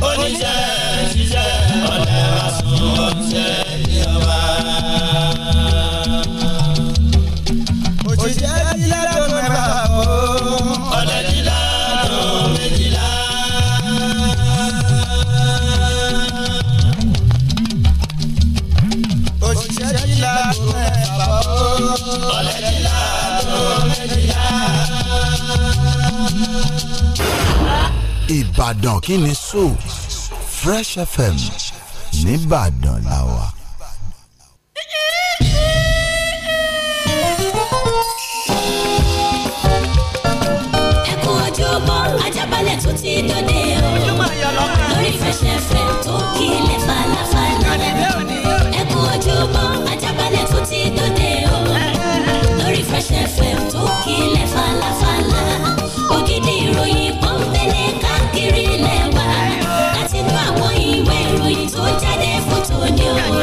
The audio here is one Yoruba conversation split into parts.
oníṣẹ́ ṣiṣẹ́ ọ̀lẹ máa sùn ọ̀ṣẹ́ ní ọba. òṣìṣẹ́ jílá tó mẹ́fà o. ọ̀lẹ jílá tó méjìlá. òṣìṣẹ́ jílá tó mẹ́fà o. ọ̀lẹ. Ìbàdàn kí ni so Fresh FM nìbàdàn la wà. ẹ kú ojúmọ́ tó ti dòde o lórí Fresh FM tó kílẹ̀ falafala ẹ kú ojúmọ́ ajábalẹ̀ tó o lórí Fresh FM tó kílẹ̀.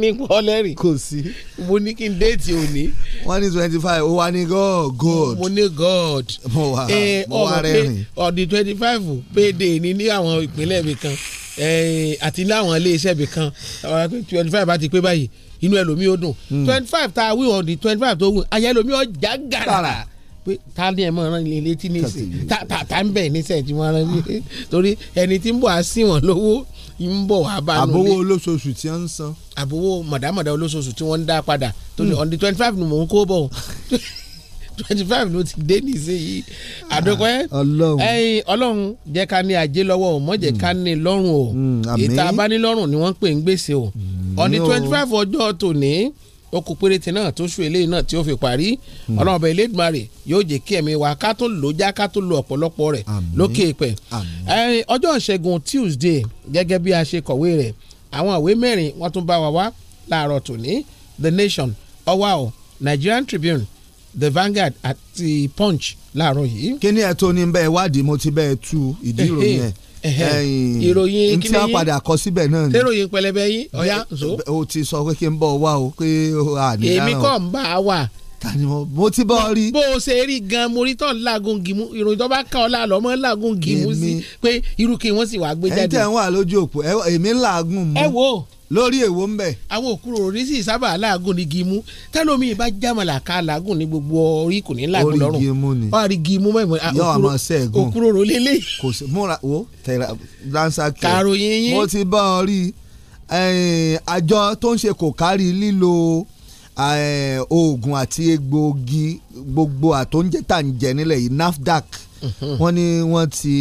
ní pọ́ lẹ́rìn. kò sí. mo ní kí n déètì òní. wọ́n ní twenty five ó wá ní god god. mo ní god. mo wà mo wà rẹ́rìn. ọ̀dì twenty five payday ni ní àwọn ìpínlẹ̀ mi kan àti láwọn iléeṣẹ́ mi kan twenty five àti pé báyìí inú ẹlòmíì ó dùn hmm. twenty five tá a wí ọ̀dì twenty five tó wù ayé ẹlòmíì ọjà gàrà pé ta ni ẹ mọ ọ̀ràn ilé létí nísìnyí ta ta ń bẹ̀ nísìnyí tí wọ́n rán mi torí ẹni tí ń bọ̀ á sí wọn lówó ń bọ̀ wá bá a nulẹ̀. àbówó olóṣooṣù tí wọ́n ń san. àbówó mọ̀dámọ̀dá olóṣooṣù tí wọ́n ń dá padà tó ní ọ̀ndì hmm. twenty five ni mò ń kó bọ̀ twenty five ló ti dé nísìnyí àdókòwé ah, ẹyin ọlọ́run jẹ́ ká ní ajé lọ́wọ́ o mọ̀ jẹ́ ká ní lọ́rùn o ìta hmm, abánilọ́rùn ni wọ́n ń pè ń gbèsè o ọ̀ndì hmm, twenty five ọjọ́ tòní ó péréte náà tó sùn eléyìí náà tí ó fi parí hmm. ọlọ́run elédùnmarè yóò jẹ́ kí ẹ̀mí wa ká tó lò já ká tó lo ọ̀pọ̀lọpọ̀ rẹ̀ lókè pẹ̀. ọjọ́ ìṣẹ́gun Tuesday gẹ́gẹ́ bí a ṣe kọ̀wé rẹ̀ àwọn ìwé mẹ́rin wọ́n tún bá wa wá láàárọ̀ tòní The Nation ọwá o Nigerian Tribune The Vanguard àti Punch láàárọ̀ yìí. kí ni ẹ̀ tó ní bẹ́ẹ̀ wádìí mo ti bẹ́ẹ̀ tú ìdí ìròyìn ẹ̀ ìròyìn kí ni yín tí a padà kọ síbẹ̀ náà ni. tẹ́ròyìn pẹlẹbẹ yín ọ̀yá nso. o ti sọ pé kí n bọ̀ wá o pé o à ní dáná. èmi kọ́ ń bá a wà. tani mo mo ti bọ́ rí. bó o ṣe rí gan mo rí tán lágùn gímú ìròyìn tó bá ká ọ la lọ mọ́ lágùn gímú sí pé irú kí wọ́n sì wá gbé jáde. ẹ̀ ń tẹ̀ ń wà lójú òpó èmi làágùn mú. ẹ wo lórí èwo ń bẹ. àwọn òkúrò orí sì sábà làágùn ní gímú tẹlomi bá jámàlà ká làágùn ní gbogbo orí kò ní làágùn lọ́rùn orí gímú ni orí gímú mẹ́mọ́ ah, òkúrò òrò lélẹ̀. kò sí múra wo tẹ̀lé dansa kẹ kàròyìn yín mo ti bá ọ rí eh, àjọ tó ń ṣe kò kárí lílo eh, oògùn àti egbòogi gbogbo àtóúnjẹ tá à ń jẹ nílẹ̀ yìí NAFDAC mhm. wọ́n ní wọ́n ti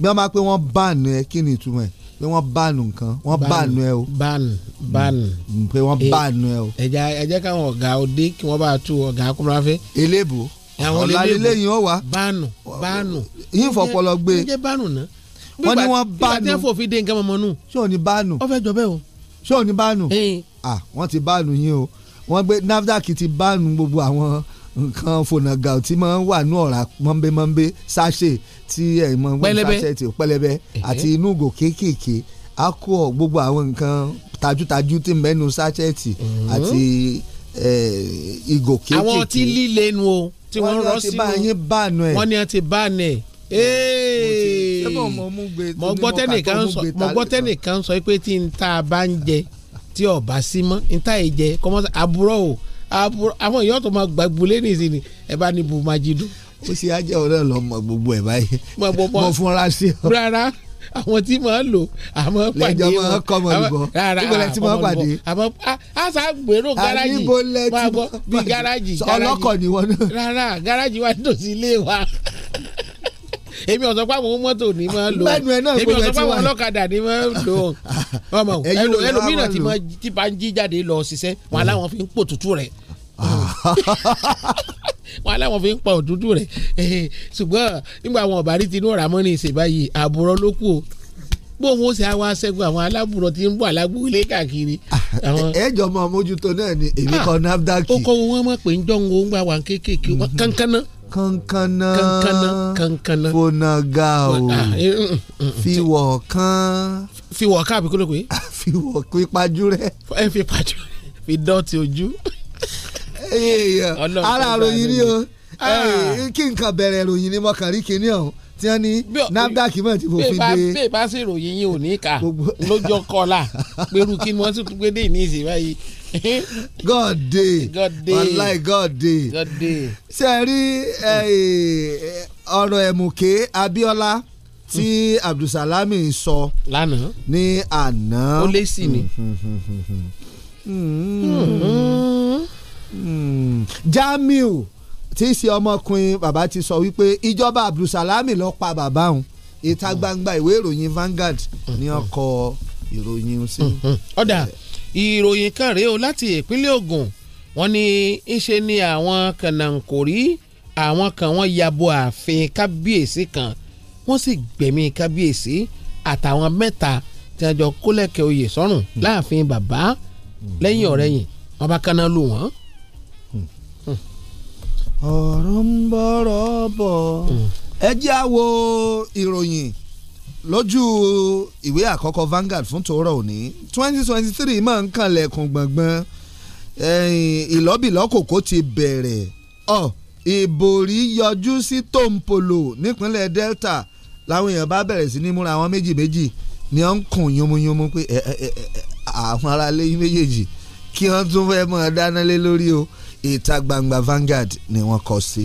bí bá pé wọ́n bá àná ẹ kí ni ìtumọ̀ ẹ̀ pé wọ́n bánu nǹkan wọ́n bánu ẹ o. bánu mm. bánu. Mm, pé wọ́n bánu ẹ o. ẹja ẹjẹ káwọn ọ̀gá òde kí wọ́n bá tu ọ̀gá akọ́mọ́ráfẹ́. eléèbó ọ̀la lélẹ́yìn ó wà. bánu bánu. yín fọpọlọ gbé. ẹ jẹ́ bánu náà. wọ́n ní wọ́n bánu. bí wàá fòfin dé nǹkan mọ̀mọ́ nù. ṣé ò ní bánu. ó fẹ́ jọ bẹ́ẹ̀ o. ṣé ò ní bánu. ah wọ́n ti bánu yín o wọ́n gbé NAFDAC ti bánu gbogbo àwọn nǹkan fònàgà tí máa ń wà ní ọ̀rá mọ́nbẹ́mọ́nbẹ́ sáṣẹ tí ẹ̀ mọ́ sáṣẹ tí ò pẹlẹbẹ àti inú ìgò kéékèèké á kó gbogbo àwọn nǹkan tajútajú tí mẹ́nu sáṣẹ́ẹ̀tì mhm. àti ìgò kéékèèké. àwọn ọtí líle nu o tí wọ́n rọ́ sínú wọ́n ní ọtí bá a nù mọ gbọ́ sọ pé tí n ta bá ń jẹ tí ọba sí mọ́ n ta yìí jẹ kọ́mọ́ àbúrò o àwọn ìyá ọ̀tọ̀ máa gbàgbọ́lé ní ìsìn ni ẹ bá ní bumajidu. ó ṣe ajá ọ̀rẹ́ lọ mọ gbogbo ẹ̀ báyìí mọ fúnra sí ọ. rárá àwọn tí màá lò àmọ́ pàdé wọn lẹjọ máa kọ ọmọ olùbọ ìbọlẹ tí màá pàdé. àmọ́ àṣà gbèrò gáràjì máa bọ bí gáràjì. ọlọ́kọ̀ ni wọn náà. rárá gáràjì wa tòsí ilé wa èmi ọ̀sán pa àwọn mọ́tò ní máa lò èmi ọ̀sán pa àwọn ọlọ́kadà ní máa lò ọmọ ẹlòmíràn tí bá ń jí jáde lọ ṣiṣẹ́ ah. wọn aláwọn fi ń pò tútù rẹ̀ ah. wọn aláwọn fi ń pa òtútù rẹ̀ ṣùgbọ́n nígbà àwọn ọ̀bàrí tinú ọ̀rá mọ́ni ṣe báyìí àbúrò ló kù o bóun ó ṣe àwọn aṣẹ́gun àwọn alábùrò tí ń bọ̀ alágbóolé káàkiri. Ah, ẹjọ mọ mójútó náà ni èmi kan nafdac. ó kọ́ wọn mọ̀ pé ń jọ́ ń gbà wà kéékèèké mm-hmm. kankan kankana kankana fonaga o ah, eh, mm, mm, mm. fiwọ kan. fiwọ kan àbí kúlò pé. fiwọ pé rẹ. ẹ fi pajú fi dọ́ọ̀tì ojú. ara àròyìn ni o ah. eh, kí nǹkan bẹ̀rẹ̀ ìròyìn ni mo kàn rí kinní ọ̀hún tí wọ́n ní NAFDAC mọ̀ tí mo fi dé. bẹ́ẹ̀ bá sì ròyìn yín ò ní kà lójó kọ́lá pẹ̀lú kí ni wọ́n tún gbé dé ìní báyìí god day, God day, wàláì god day. ṣe é rí ọ̀rọ̀ ẹ̀mùké abíọ́lá tí hmm. abdulsalami sọ ní àná ó lé sí ni. Hmm. jamiu tí í ṣe ọmọkùnrin bàbá ti sọ wípé ìjọba abdulsalami ló pa bàbá òun ìta hmm. gbangba ìwé ìròyìn Vanguard ní ọkọ̀ ìròyìn sí. ọ̀dà. Mm -hmm ìròyìn kan rèé o láti ìpínlẹ̀ Ògùn wọ́n ní ńṣe ni àwọn kànáńkòrí àwọn kan wọ́n yabo ààfin kábíyèsí kan wọ́n sì gbẹ̀mí kábíyèsí àtàwọn mẹ́ta tí wọ́n jọ kólẹ̀kẹ̀ oyè sọ́rùn hmm. láàfin bàbá lẹ́yìn hmm. ọ̀rẹ́yìn wọ́n bá kaná lù wọ́n. Hmm. ọ̀rọ̀ ń bọ̀rọ̀ bọ̀ ẹ jẹ́ àwo ìròyìn lójú ìwé àkọ́kọ́ Vanguard fún tòórọ́ òní twenty twenty three máa ń kànlẹ̀kùn gbọ̀ngbọ̀n ìlọ́bìlọ́kòkó ti bẹ̀rẹ̀ ọ̀ ìbòrí yọjú sí tòǹpolò nípínlẹ̀ Delta làwọn èèyàn bá bẹ̀rẹ̀ sí ní múra àwọn méjì méjì ni wọ́n ń kùn yomuyomu pé àwọn aráalé yín méjèèjì kí wọ́n tún fẹ́ mọ̀ ọ́ dáná lé lórí o ìta gbangba Vanguard ni wọ́n kọ sí. Si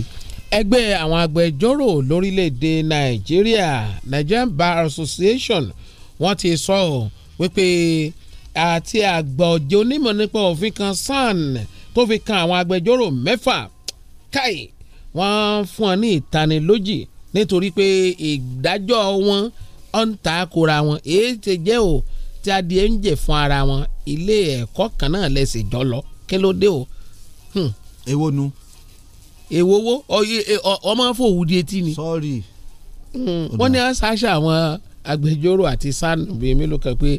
ẹgbẹ́ àwọn agbẹjọ́rò lórílẹ̀‐èdè nàìjíríà Nigerian Bar Association wọ́n ti sọ ọ́ wípé àti àgbọ̀jẹ̀ onímọ̀ nípa òfin kan SAN tó fi kan àwọn agbẹjọ́rò mẹ́fà káì wọ́n fún ọ ní ìtanilójì nítorí pé ìdájọ́ wọn ọ̀ ń ta kóra wọn èyí ti jẹ́ o tí adìẹ ń jẹ fún ara wọn ilé ẹ̀kọ́ kan náà lẹ́sìn jọ lọ kí ló dé o. Hmm. èwo nu èwowó ọmọ fòwú di etí ni. sọ́ọ̀rì. Hmm. wọ́n ní aṣáṣá àwọn agbẹjọ́rò àti san bíi mélòó kan pé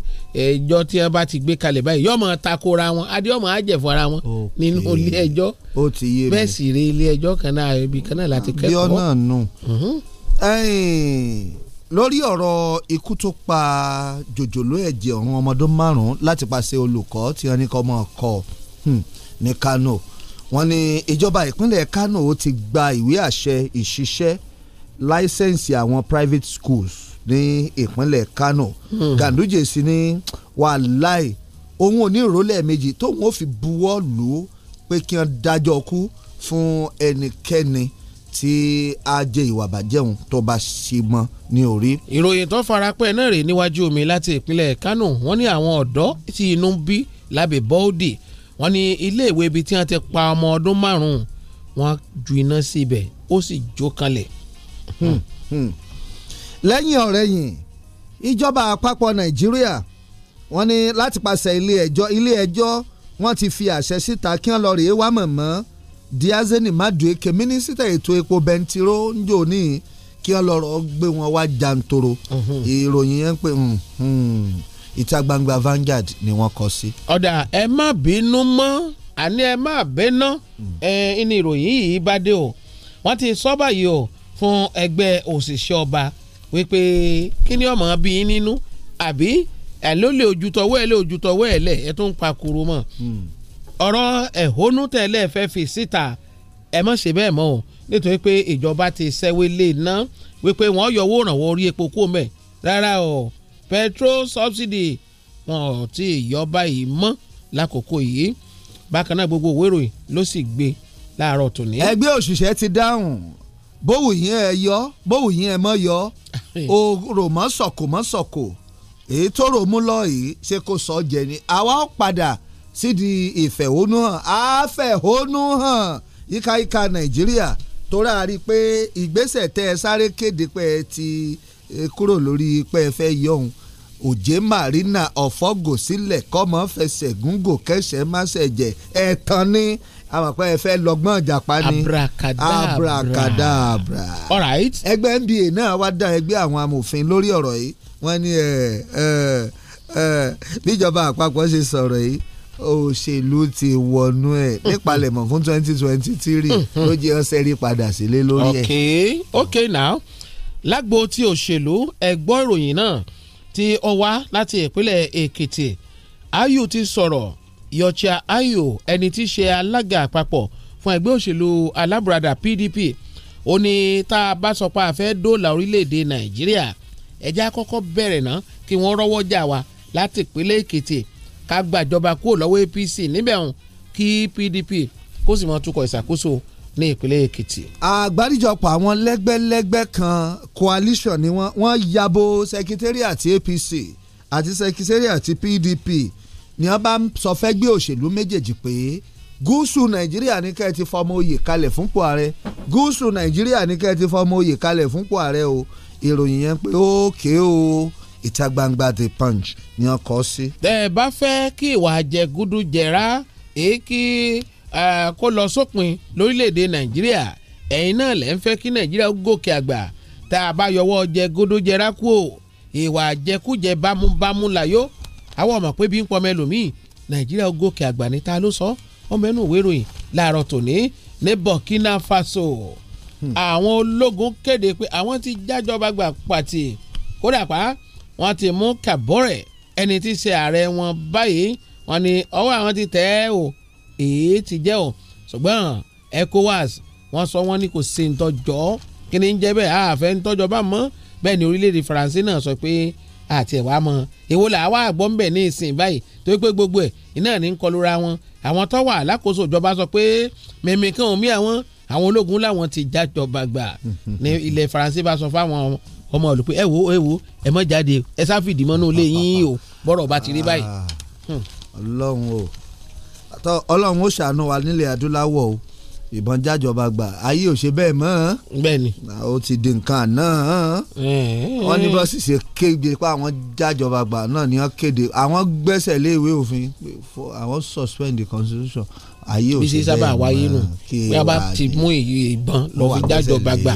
ẹjọ́ tí wọ́n bá ti gbé kalẹ̀ báyìí yóò máa takora wọn adéọ́ máa jẹ̀fọ́ ara wọn nínú ilé ẹjọ́ bẹ́ẹ̀ sì rí ilé ẹjọ́ kan náà ibi kan náà láti kẹ́kọ̀ọ́. bí ọ̀nà nù mhm. lórí ọ̀rọ̀ ikú tó pa jòjòló ẹ̀jẹ̀ ọ̀run ọmọdún márùn-ún láti pàṣẹ olùkọ́ tí wọ́n ní kọ́ ọmọ ọkọ̀ ní Kano wọ́n ní ìjọba ìpínlẹ̀ Kano ti gba ìwé àṣẹ ìṣiṣẹ́ láísẹ̀nsì àwọn private schools ní ìpínlẹ̀ Kano hmm. Ganduje sí ní wàláì òun ò ní ìrólẹ̀ méjì tóun ó fi buwọ́ lù ú pé kí wọ́n dájọ́ kú fún ẹnikẹ́ni tí a jẹ ìwà bàjẹ́hùn tó bá ṣe mọ́ ní orí. ìròyìn tó farapẹ́ náà rèé níwájú omi láti ìpínlẹ̀ Kano wọ́n ní àwọn ọ̀dọ́ tí inú bí lábẹ́ bọ́ọ̀dì wọ́n ní iléèwé ibi tí wọ́n ti pa ọmọ ọdún márùn-ún wọ́n ju iná sí ibẹ̀ ó sì jó kanlẹ̀. Hmm, hmm. lẹ́yìn ọ̀rẹ́yìn ìjọba àpapọ̀ nàìjíríà wọ́n ní láti pàṣẹ ilé ẹjọ́ ilé ẹjọ́ wọ́n ti fi àṣẹ síta kí wọ́n lọ rèé wá mọ̀mọ́ Diazeni Madueke mínísítà ètò epo bẹntiró ń jò ní kí wọ́n lọ gbé wọn wá jantoro hmm, ìròyìn yẹn pé ìta gbangba Vanguard ni wọ́n kọ sí. ọ̀dà ẹ má bínú mọ́ àní ẹ má bínú ẹ ní ìròyìn yìí bá dé o wọ́n ti sọ báyìí o fún ẹgbẹ́ òṣìṣẹ́ ọba wípé kí ni ọmọ bí i nínú àbí ẹ ló lè ojútọ̀wọ́ ẹ lè ojútọ̀wọ́ ẹ lẹ̀ ẹ tó ń pa kuru mọ́ hmm. ọ̀rọ̀ ẹ̀hónú tẹ̀lé fẹ́ fi síta ẹ má ṣe bẹ́ẹ̀ mọ́ o nítorí pé ìjọba ti ṣẹ́wé lè ná wípé wọ́n yọ owó ìrànwọ́ orí epo kó mẹ́ rárá o petrol subsidy wọn ò tí ì yọ báyìí mọ́ lákòókò yìí bákan náà gbogbo òwe ìròyìn ló sì gbé láàárọ̀ tòní. ẹgbẹ́ òṣìṣẹ́ ti dáhùn bówù yín ẹ yọ bówù yín ẹ mọ́ yọ o rò mọ́ sọ̀kò mọ́ sọ̀kò èyí tó rò mú lọ yìí ṣe kó sọ jẹ ni àwa ó padà sídìí ìfẹ̀hónúhàn àfẹ̀hónúhàn yíkáyíká nàìjíríà tó rárí pé ìgbésẹ̀ tẹ́ ẹ sáré kéde pé ẹ ti kúrò lórí pé ẹ fẹ́ yọ òun òjé marina ọ̀fọ́gò sílẹ̀ kọ́mọ fẹsẹ̀ gúngò kẹsẹ̀ máṣẹ̀jẹ̀ ẹ̀tàn ni àmọ̀ pé ẹ fẹ́ lọ́gbọ́n ìjàpá ni abracadabra abracadabra all right nba náà wá dá ẹgbẹ́ àwọn amòfin lórí ọ̀rọ̀ yìí wọ́n ní ẹ ẹ bíjọba àpapọ̀ ṣe sọ̀rọ̀ yìí òṣèlú ti wọnú ẹ nípalẹ̀mọ́ fún twenty twenty three mm-hmm. ló jẹ́ ọ̀sẹ̀ rí padà sílé lórí ẹ̀. okay okay now lágbo ti òṣèlú ẹ̀gbọ́n ìròyìn náà ti ọwá láti ìpínlẹ̀ èkìtì ayù ti sọ̀rọ̀ yọ̀chà ayù ẹni tí í ṣe alága àpapọ̀ fún ẹgbẹ́ òṣèlú alábùradà PDP ó ní tá a bá sọ pé a fẹ́ dóòlà orílẹ̀-èdè nàìjíríà ẹjẹ́ àkọ́kọ́ bẹ̀rẹ̀ náà kí wọ́n rọ́wọ́ jà wá láti ìpínlẹ̀ èkìtì ká gbàjọba kúrò lọ́wọ́ APC níbẹ̀ hàn kí PDP kó sì mọ́ tukọ̀ ìṣàkóso ní ìpínlẹ̀ Èkìtì. àgbáríjọpọ̀ àwọn lẹ́gbẹ́lẹ́gbẹ́ kan coalition ni wọ́n wọ́n yabo secretariat APC àti secretariat PDP ni wọ́n bá sọ fẹ́ gbé òṣèlú méjèèjì pé gúúsù nàìjíríà ní kẹ́ẹ̀ ti fọmọ oyè kalẹ̀ fúnpò ààrẹ gúúsù nàìjíríà ní kẹ́ẹ̀ ti fọmọ oyè kalẹ̀ fúnpò ààrẹ o ìròyìn yẹn pé ókè o ìta gbangba the punch ni wọ́n kọ sí. tẹ́ ẹ bá fẹ́ kí ìwà jẹgúdú jẹrá èé kí kó lọ sópin lórílẹ̀‐èdè nàìjíríà ẹ̀yin náà lẹ́ ń fẹ́ kí nàìjíríà gòkè àgbà tá a bá yọwọ́ jẹ gódójẹra kú o ìwà àjẹkújẹ bámúbámú láyò àwọn ọmọ pé bí ń pọmọ ẹlòmíì nàìjíríà gòkè àgbà ní ló sọ ọmọ ẹnu ìwé ìròyìn láàárọ̀ tòní ní burkina faso hmm. àwọn ológun kéde pé àwọn ti jájọba gbà pàtì kódà pa wọ́n ti mú kàbọ̀rẹ̀ ẹni tí í ṣe ààrẹ wọn báyìí wọ́n ní ọwọ́ àwọn ti tẹ̀ ẹ́ o èé ti jẹ́ o ṣùgbọ́n ECOWAS wọ́n sọ wọ́n ní kò sí ntọ́jọ́ kí ni ń jẹ́ bẹ́ẹ̀ àfẹ́ ntọ́jọ́ bá mọ́ bẹ́ẹ̀ ni orílẹ̀-èdè Faransé náà sọ pé àti ẹ̀wà mọ́ èwo là wá àgbọ̀ ń bẹ̀ ní ìsìn báyìí tó pé gbogbo ẹ̀ iná ní ń kọlura wọn àwọn tó wà lákòóso ìjọba sọ pé mímí kan ò mí àwọn àwọn ológun làwọn ti jájọba gbà ní ilẹ̀ Faransé bá sọ fáwọn ọmọ olùpẹ ẹ wo ẹ wo ẹ mọ jáde ẹ sáfìdí mọ́nú ilé yín o bọ́rọ̀ bá ti rí báyìí. Ah, Ọlọ́run o tọ́ ọlọ́run ó ṣàánú wa nílẹ̀ adúláwọ̀ o ìbọn jájọba gbà ayé ò ṣe bẹ́ẹ̀ mọ́. bẹ́ẹ̀ni. ó ti di nǹkan náà. wọ́n ní bọ́sì ṣe kéde pé àwọn jájọba gbà náà ni wọ́n kéde àwọn gbẹ́sẹ̀ lé ìwé òfin àwọn suspend the constitution ayé ò ṣe bẹ́ẹ̀ mọ́. bí ṣe sábà wáyé nù bí a bá ti mú ìbọn lọ fi jájọba gbà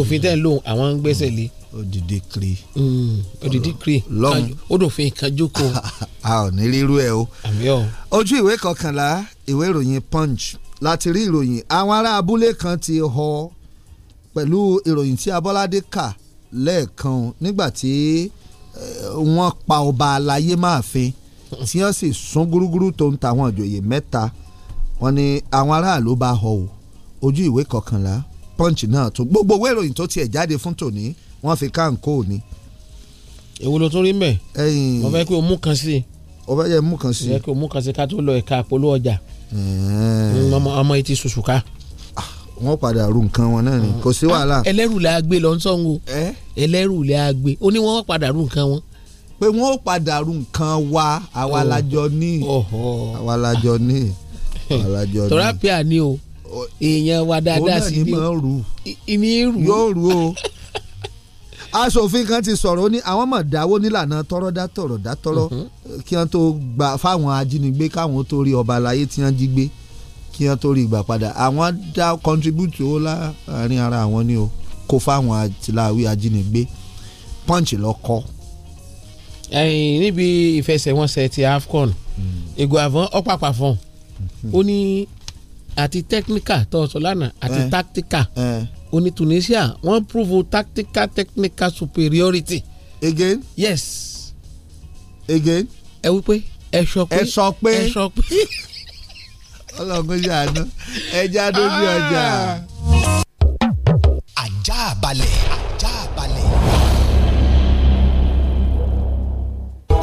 òfin tẹ̀ lóhùn àwọn ń gbẹ́sẹ̀ lé odidi kiri. Mm, odidi kiri lọ́hùn ó dùn fún nǹkan jókòó. a ò ní rírú ẹ o. ojú ìwé kọkànlá ìwé ìròyìn punch láti rí ìròyìn àwọn ará abúlé kan ti họ pẹ̀lú ìròyìn tí abọ́ládé kà lẹ́ẹ̀kan nígbà tí eh, wọ́n pa ọba aláyé máàfin tí wọ́n sì sún gúrúgúrú tó ń ta àwọn ìjòyè mẹ́ta wọ́n ní àwọn aráàlú bá họ o ojú ìwé kọkànlá punch náà tún gbogbo ìwé ìròyìn tó tiẹ̀ jáde fún tòní wọ́n fi káńkó ni. èwo ló tún rí mẹ́ mo fẹ́ kí o mú kan sí i o fẹ́ yẹ mú kan sí i mo fẹ́ kí o mú kan sí i ká tó lọ ẹ̀ka polówó ọjà ọmọ etí ṣoṣù ká ah, wọ́n padà ru nǹkan wọn náà ni mm. kò sí ah, wàhálà. ẹlẹ́rù lè agbe lọ sọ ń wo ẹlẹ́rù lè agbe ó ní wọ́n padà ru nǹkan wọn. pé wọ́n padà ru nǹkan wa àwa oh. lajọ ní àwa lajọ ní àwa lajọ ní. tọ́rápíà ni o èèyàn wa dáadáa sí ni ìní yóò rù o aṣòfin kan ti sọ̀rọ̀ ó ní àwọn mọ̀ dáwó nílànà tọrọ dá tọrọ dá mhm. tọrọ kí wọ́n tó gbà fáwọn ajínigbé káwọn tó rí ọba aláyé tí wọ́n jí gbé kí wọ́n tó rí ìgbà padà àwọn dá contribute owó láàrin ara àwọn ni o kó fáwọn àtìláwí ajínigbé punch lọ kọ. níbi ìfẹsẹ̀wọnsẹ̀ ti AFCON hmm. Eguavoen ọ̀pàpà fún un hmm. ó ní àti technical tó lánàá àti eh. tactical. Eh. Oni Tunisia wọ́n prove tactical technical superiority. again. yes. again. ẹ wí pé ẹ sọ pé ẹ sọ pé ẹ sọ pé. ọlọ́run ṣàánú ẹja lójú ọjà. ajá balẹ̀ ajá.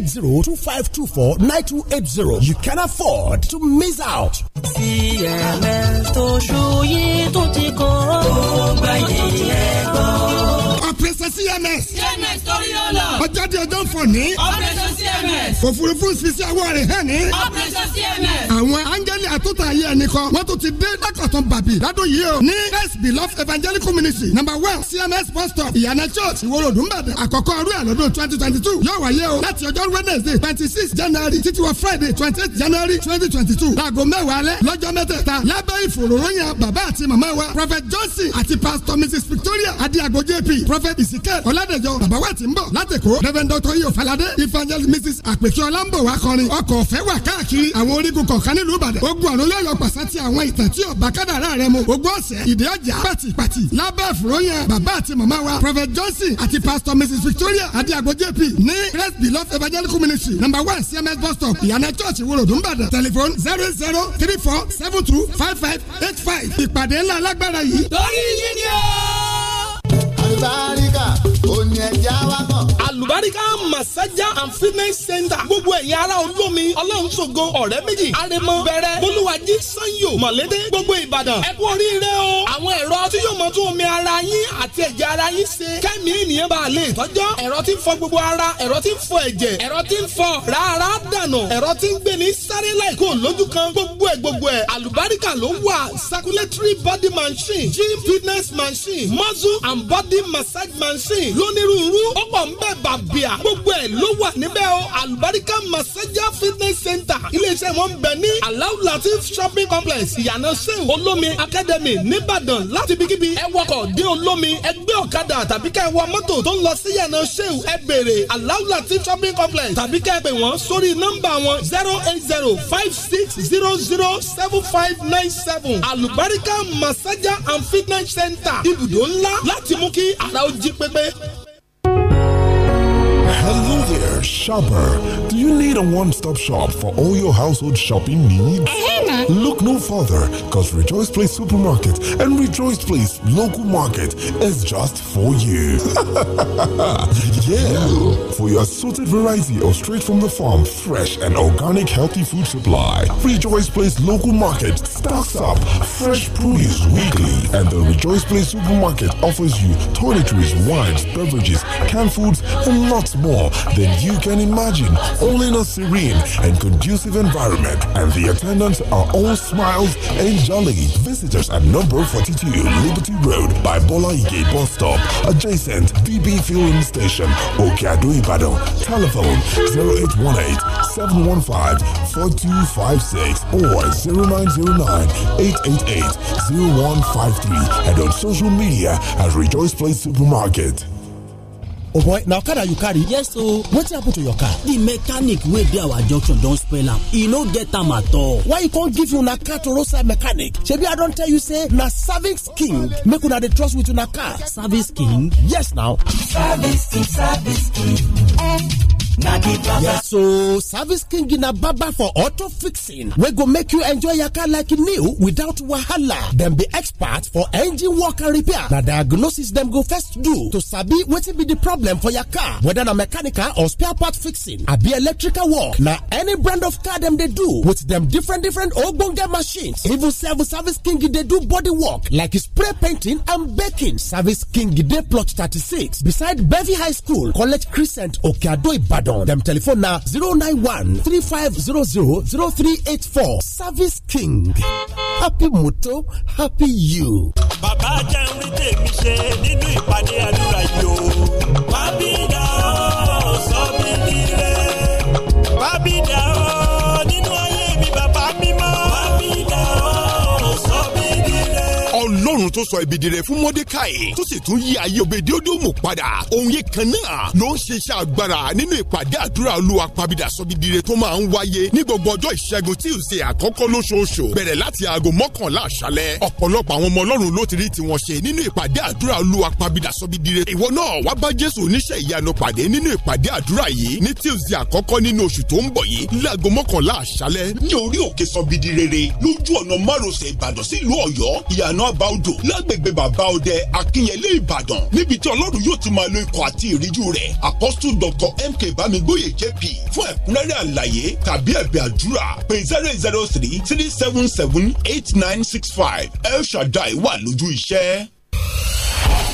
eight zero two five two four nine two eight zero. You can afford to miss out. CMS tó ṣú yìí tó ti kọ́. Ó gbà yìí ẹ̀ gbọ́. Ọ̀pẹ̀sẹ̀ CMS. CMS torí ó lọ. Ọjọ́ di ọjọ́ fọ̀ ní. Ọ̀pẹ̀sẹ̀ CMS. Òfurufú ṣiṣẹ́ ọwọ́ rẹ̀ hàn ní. Ọ̀pẹ̀sẹ̀ CMS. Àwọn áńgẹ́lì àtúntà ayé ẹni kan. Wọ́n tún ti dé lákọ̀tàn bàbí ládùn yìí o. Ní First Beloved Evangelical Ministry number one CMS bus stop Ìyànà Church Ìwòròdú Ìbàdàn. Àkọ́kọ́ ọdún ẹ̀ lọ́dún twenty twenty two yóò wáyé o. Láti ọjọ́rú wednesday twenty six january títí wọ friday twenty eight january twenty twenty two láago mẹ́wàá alẹ́ lọ́jọ́ mẹ́tẹ̀ẹ̀ta lábẹ́ ìfòròyìn bàbá àti màmá wa prophet johnson àti pastor mrs victoria adiago jp prophet isikel ọ̀làdẹ̀jọ bàbá wa ti ń bọ̀ látẹ̀kọ́ rev dr iyo falade evangelist mrs àpèkí ọlámbọ̀wá kọrin ọkọ̀ ọ̀fẹ́ wà káàkiri àwọn orígun kọ̀ọ̀kan nílùú ìbàdàn ogun àrùn lọ́yọ̀ pàṣẹ ti àwọn ìtàn tí ọ̀bà kádàrá rẹ mu ogún ọ̀sẹ̀ ìdí ọjà pàtìpàtì lábẹ́ ìfòròyìn bàbá àti màmá wa prophet johnson àti pastor mrs victoria adiago jp ní christ beloved evangelical ministry number one cms bus stop ìyànà church ìwòròdú nìbàdàn telephone zero zero three four seven two five five eight five ìpàdé ńlá alágbára yìí. torí yín ni àlùbáríkà òní ẹ̀já wa kàn. àlùbáríkà masaja and fitness center gbogbo ẹ̀yin ará olómi ọlọ́nṣogo ọ̀rẹ́ méjì arẹmọ bẹ̀rẹ̀ bolúwàjí sanyo mọ̀lédé gbogbo ìbàdàn ẹ kú oríire o àwọn ẹ̀rọ tí yóò mọ tún omi ara yín àti ẹ̀jẹ̀ ara yín ṣe kẹ́mi ènìyàn bá lè tọ́jọ́ ẹ̀rọ tí ń fọ gbogbo ara ẹ̀rọ tí ń fọ ẹ̀jẹ̀ ẹ̀rọ tí ń fọ rárá dànù ẹ̀rọ tí ń gbé ní sáré láìkó lójú kan gbogbo ẹ̀ gbogbo ẹ̀ àlùbáríkà ló wà circulatory body machine gym fitness machine muscle and body body massage machine lónírúurú ó pọ̀ ń bẹ̀ bàbíà gbogbo ẹ̀ ló wà níbẹ̀ o àlùbáríkà massager fitness center iléeṣẹ́ wọn ń bẹ ní alau latif shopping complex ìyànà sèw olómi academy nìbàdàn láti bíkíbi ẹ wọkọ̀ dé olómi ẹgbẹ́ ọ̀kadà tàbí ká ẹ wọ mọ́tò tó ń lọ sí ìyànà sèw ẹ béèrè alau latif shopping complex tàbí ká ẹ pè wọ́n sórí nọ́mbà wọn zero eight zero five six zero zero seven five nine seven àlùbáríkà massager and fitness center ibùdó ńlá láti mú kí jí pépé. Hello there, shopper. Do you need a one-stop shop for all your household shopping needs? Look no further, because Rejoice Place Supermarket and Rejoice Place Local Market is just for you. yeah! For your assorted variety of straight from the farm, fresh and organic healthy food supply, Rejoice Place Local Market stocks up fresh produce weekly, and the Rejoice Place Supermarket offers you toiletries, wines, beverages, canned foods, and lots more than you can imagine, all in a serene and conducive environment, and the attendants are all smiles and jolly. Visitors at number 42 Liberty Road by Bola Ike bus stop, adjacent DB fueling station, Okado Ibadan. Telephone 0818 715 4256 or 0909 888 0153 and on social media at Rejoice Place Supermarket. oh boy na okada you carry yes ooo wetin happen to your car The mechanic wey dey our junction don spoil am e no get am at all why e con give una car to roadside mechanic shebi i don tell you say na service king make una dey trust with una car service king yes na service king service king eh. na di baba yes so service king na baba for auto fixing We go make you enjoy your car like new without wahala Them be expert for engine work and repair na diagnosis them go first do to sabi wetin be the problem for your car whether na mechanical or spare part fixing be electrical work na any brand of car them they do with them different different ogbonge machines even sef service king they do body work like spray painting and baking service king they plot thirty-six beside bevi high school college crescent okeado ibadan. Ibadan. Dem telephone na 091 3500 0384. Service King. Happy Moto, happy you. Bàbá jẹ́ ń rí tèmi ṣe nínú ìpàdé àdúrà yìí o. Wábí dá. ọlọ́run tó sọ ibi di rẹ̀ fún mọ́dékàì tó sì tún yí ayé òbèdéódòmù padà òun yìí kan náà ló ń ṣe iṣẹ́ agbára nínú ìpàdé àdúrà olúwa pàbídà sọ́bìdire tó máa ń wáyé ní gbogbo ọjọ́ ìṣẹ́gun Tuesday àkọ́kọ́ lóṣooṣù bẹ̀rẹ̀ láti aago mọ́kànlá àṣálẹ́ ọ̀pọ̀lọpọ̀ àwọn ọmọ ọlọ́run ló ti rí tiwọn ṣe nínú ìpàdé àdúrà olúwa pàbídà sọ́bìdire ìwọ náà wá bá jésù oníṣẹ́ ìyanu pàdé nínú ìpàdé àdúrà yìí ní Tuesday àkọ́kọ́ nínú oṣù tó ń bọ̀ yìí láago mọ́kànlá odò lágbègbè bàbá ọdẹ akínyẹlé ìbàdàn níbi tí ọlọ́run yóò ti máa lo ikọ̀ àti ìríjú rẹ̀ apostle dr mk bámigbóyè jp fún ẹ̀kúnrẹ́rẹ́ àlàyé tàbí ẹ̀bẹ̀ àdúrà pé zero zero three three seven seven eight nine six five el shaddai wà lójú iṣẹ́.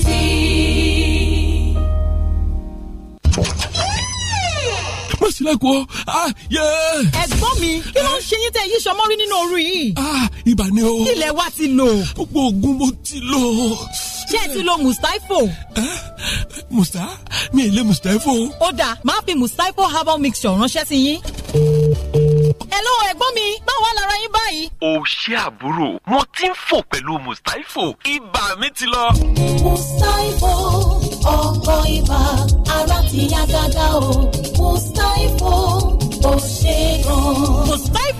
eternity. sílẹ̀kùn ọ́ ah, yẹ. ẹ̀gbọ́n mi kí ló ń ṣe yín tẹ yí sọmọ́ rí nínú òru yìí. Ah, ibà ni o. ilẹ̀ wa ti lò. gbogbo oògùn mo ti lò. ṣé ẹ ti lo mustapho. musa mi ò lè mustapho. ó dáa máa fi mustapho herbal mixture ránṣẹ́ sí yín hello ẹ̀gbọ́n mi báwo lára yín báyìí. o ṣé àbúrò wọn ti ń fò pẹ̀lú mustapho ibà mi ti lọ. mustapho ọkọ ibà ara ti yá gágá o mustapho ò ṣe é gan. mustapho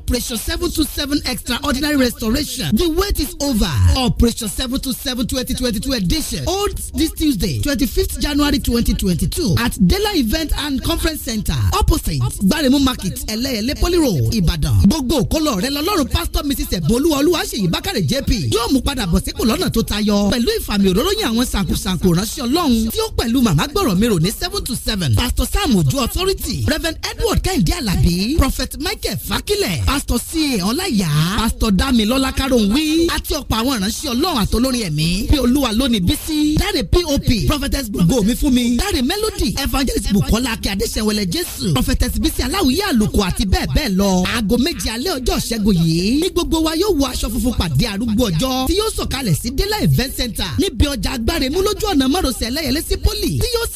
Operation 727 Extraordinary Restoration. The wait is over. Operation 727 2022 edition holds this Tuesday, 25th January 2022 at Dela Event and Conference Center opposite Gbaremu Market, Eleyele Poly Road, Ibadan. Gbogbo òkólọ rẹ lọ́lọ́run Pastor Mrs. Ebolu Olúwaṣeyì Bákàrẹ̀ JP yóò mú padà bọ̀ sípò lọ́nà tó tayọ pẹ̀lú ìfàmì òróròyìn àwọn sàǹkùsàǹkù ránṣẹ́ Ọlọ́run tí ó pẹ̀lú màmá gbọ̀rọ̀ mi rò ní seven to seven Pastor Sam Ojo Authority Rev Edward Kẹ́hìndé Alabi Prophet Michael Fakilẹ̀ pásítọ̀ C.A. ọláyà pásítọ̀ dámilọ́lá karùn-ún àti ọ̀pọ̀ àwọn ìránṣẹ́ ọlọ́run àtolórin ẹ̀mí bí olúwa lónìí bísí dáre pop prophetess gbogbo mi fún mi dáre melody evangelist bukola akẹ́ adéṣẹ́wẹlẹ̀ jésù prophetess bísí aláwíyé àlùkò àti bẹ́ẹ̀ bẹ́ẹ̀ lọ aago méje alẹ́ ọjọ́ ṣẹ́gun yìí ní gbogbo wa yóò wọ aṣọ funfun pàdé arúgbó ọjọ́ tí yóò sọ̀kalẹ̀ sí délà event center níbi ọjà agbáremú lójú ọ̀nà márosẹ̀ ẹlẹ́yẹlé sí poli tí yóò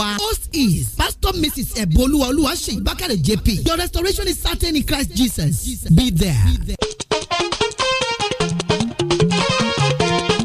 wa host is pastor mrs ẹ̀bùn olúwa olúwa ṣèyí your restoration is certain Christ Jesus, be there. Be there.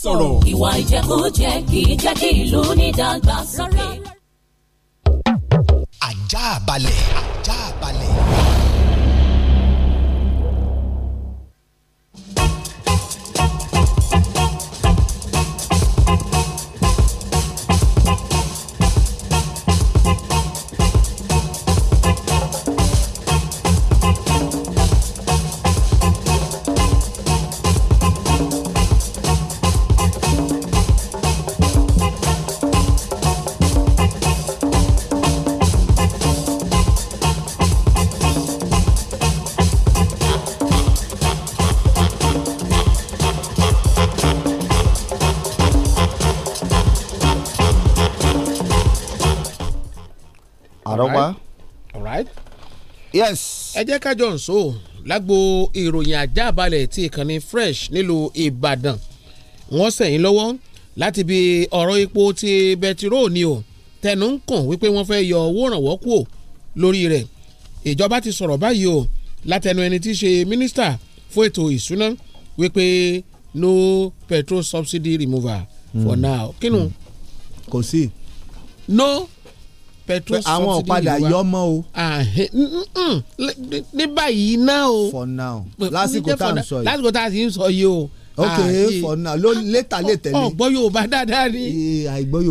sọ̀rọ̀. ìwà ìjẹkújẹ kì í jẹ́ kí ìlú ní ìdàgbàsókè. ajá balẹ̀ ajá balẹ̀. yes. ẹ jẹ́ kájọ ń so lágbo ìròyìn àjábalẹ̀ tí ìkànnì fresh nílùú ìbàdàn wọ́n sẹ̀yìn lọ́wọ́ láti bi ọ̀rọ̀ epo ti bẹtiróò ni o tẹnu ń kàn wípé wọ́n fẹ́ yọ owó ìrànwọ́ kúò lórí rẹ̀ ìjọba ti sọ̀rọ̀ báyìí o látẹnu ẹni tí í ṣe mínísítà fún ètò ìsúná wípé no petrol subsidy removal mm. for hmm. now kínú. Hmm. kò sí. no petrol subsidy àwọn ọ̀padà yọmọ o. ní báyìí náà o. for now lásìkò tá à ń sọ yìí. lásìkò tá à ń sọ yìí o. ok for now ló ah, létà lè tẹ̀lé. ọ̀gbọ́ Yorùbá dáadáa ni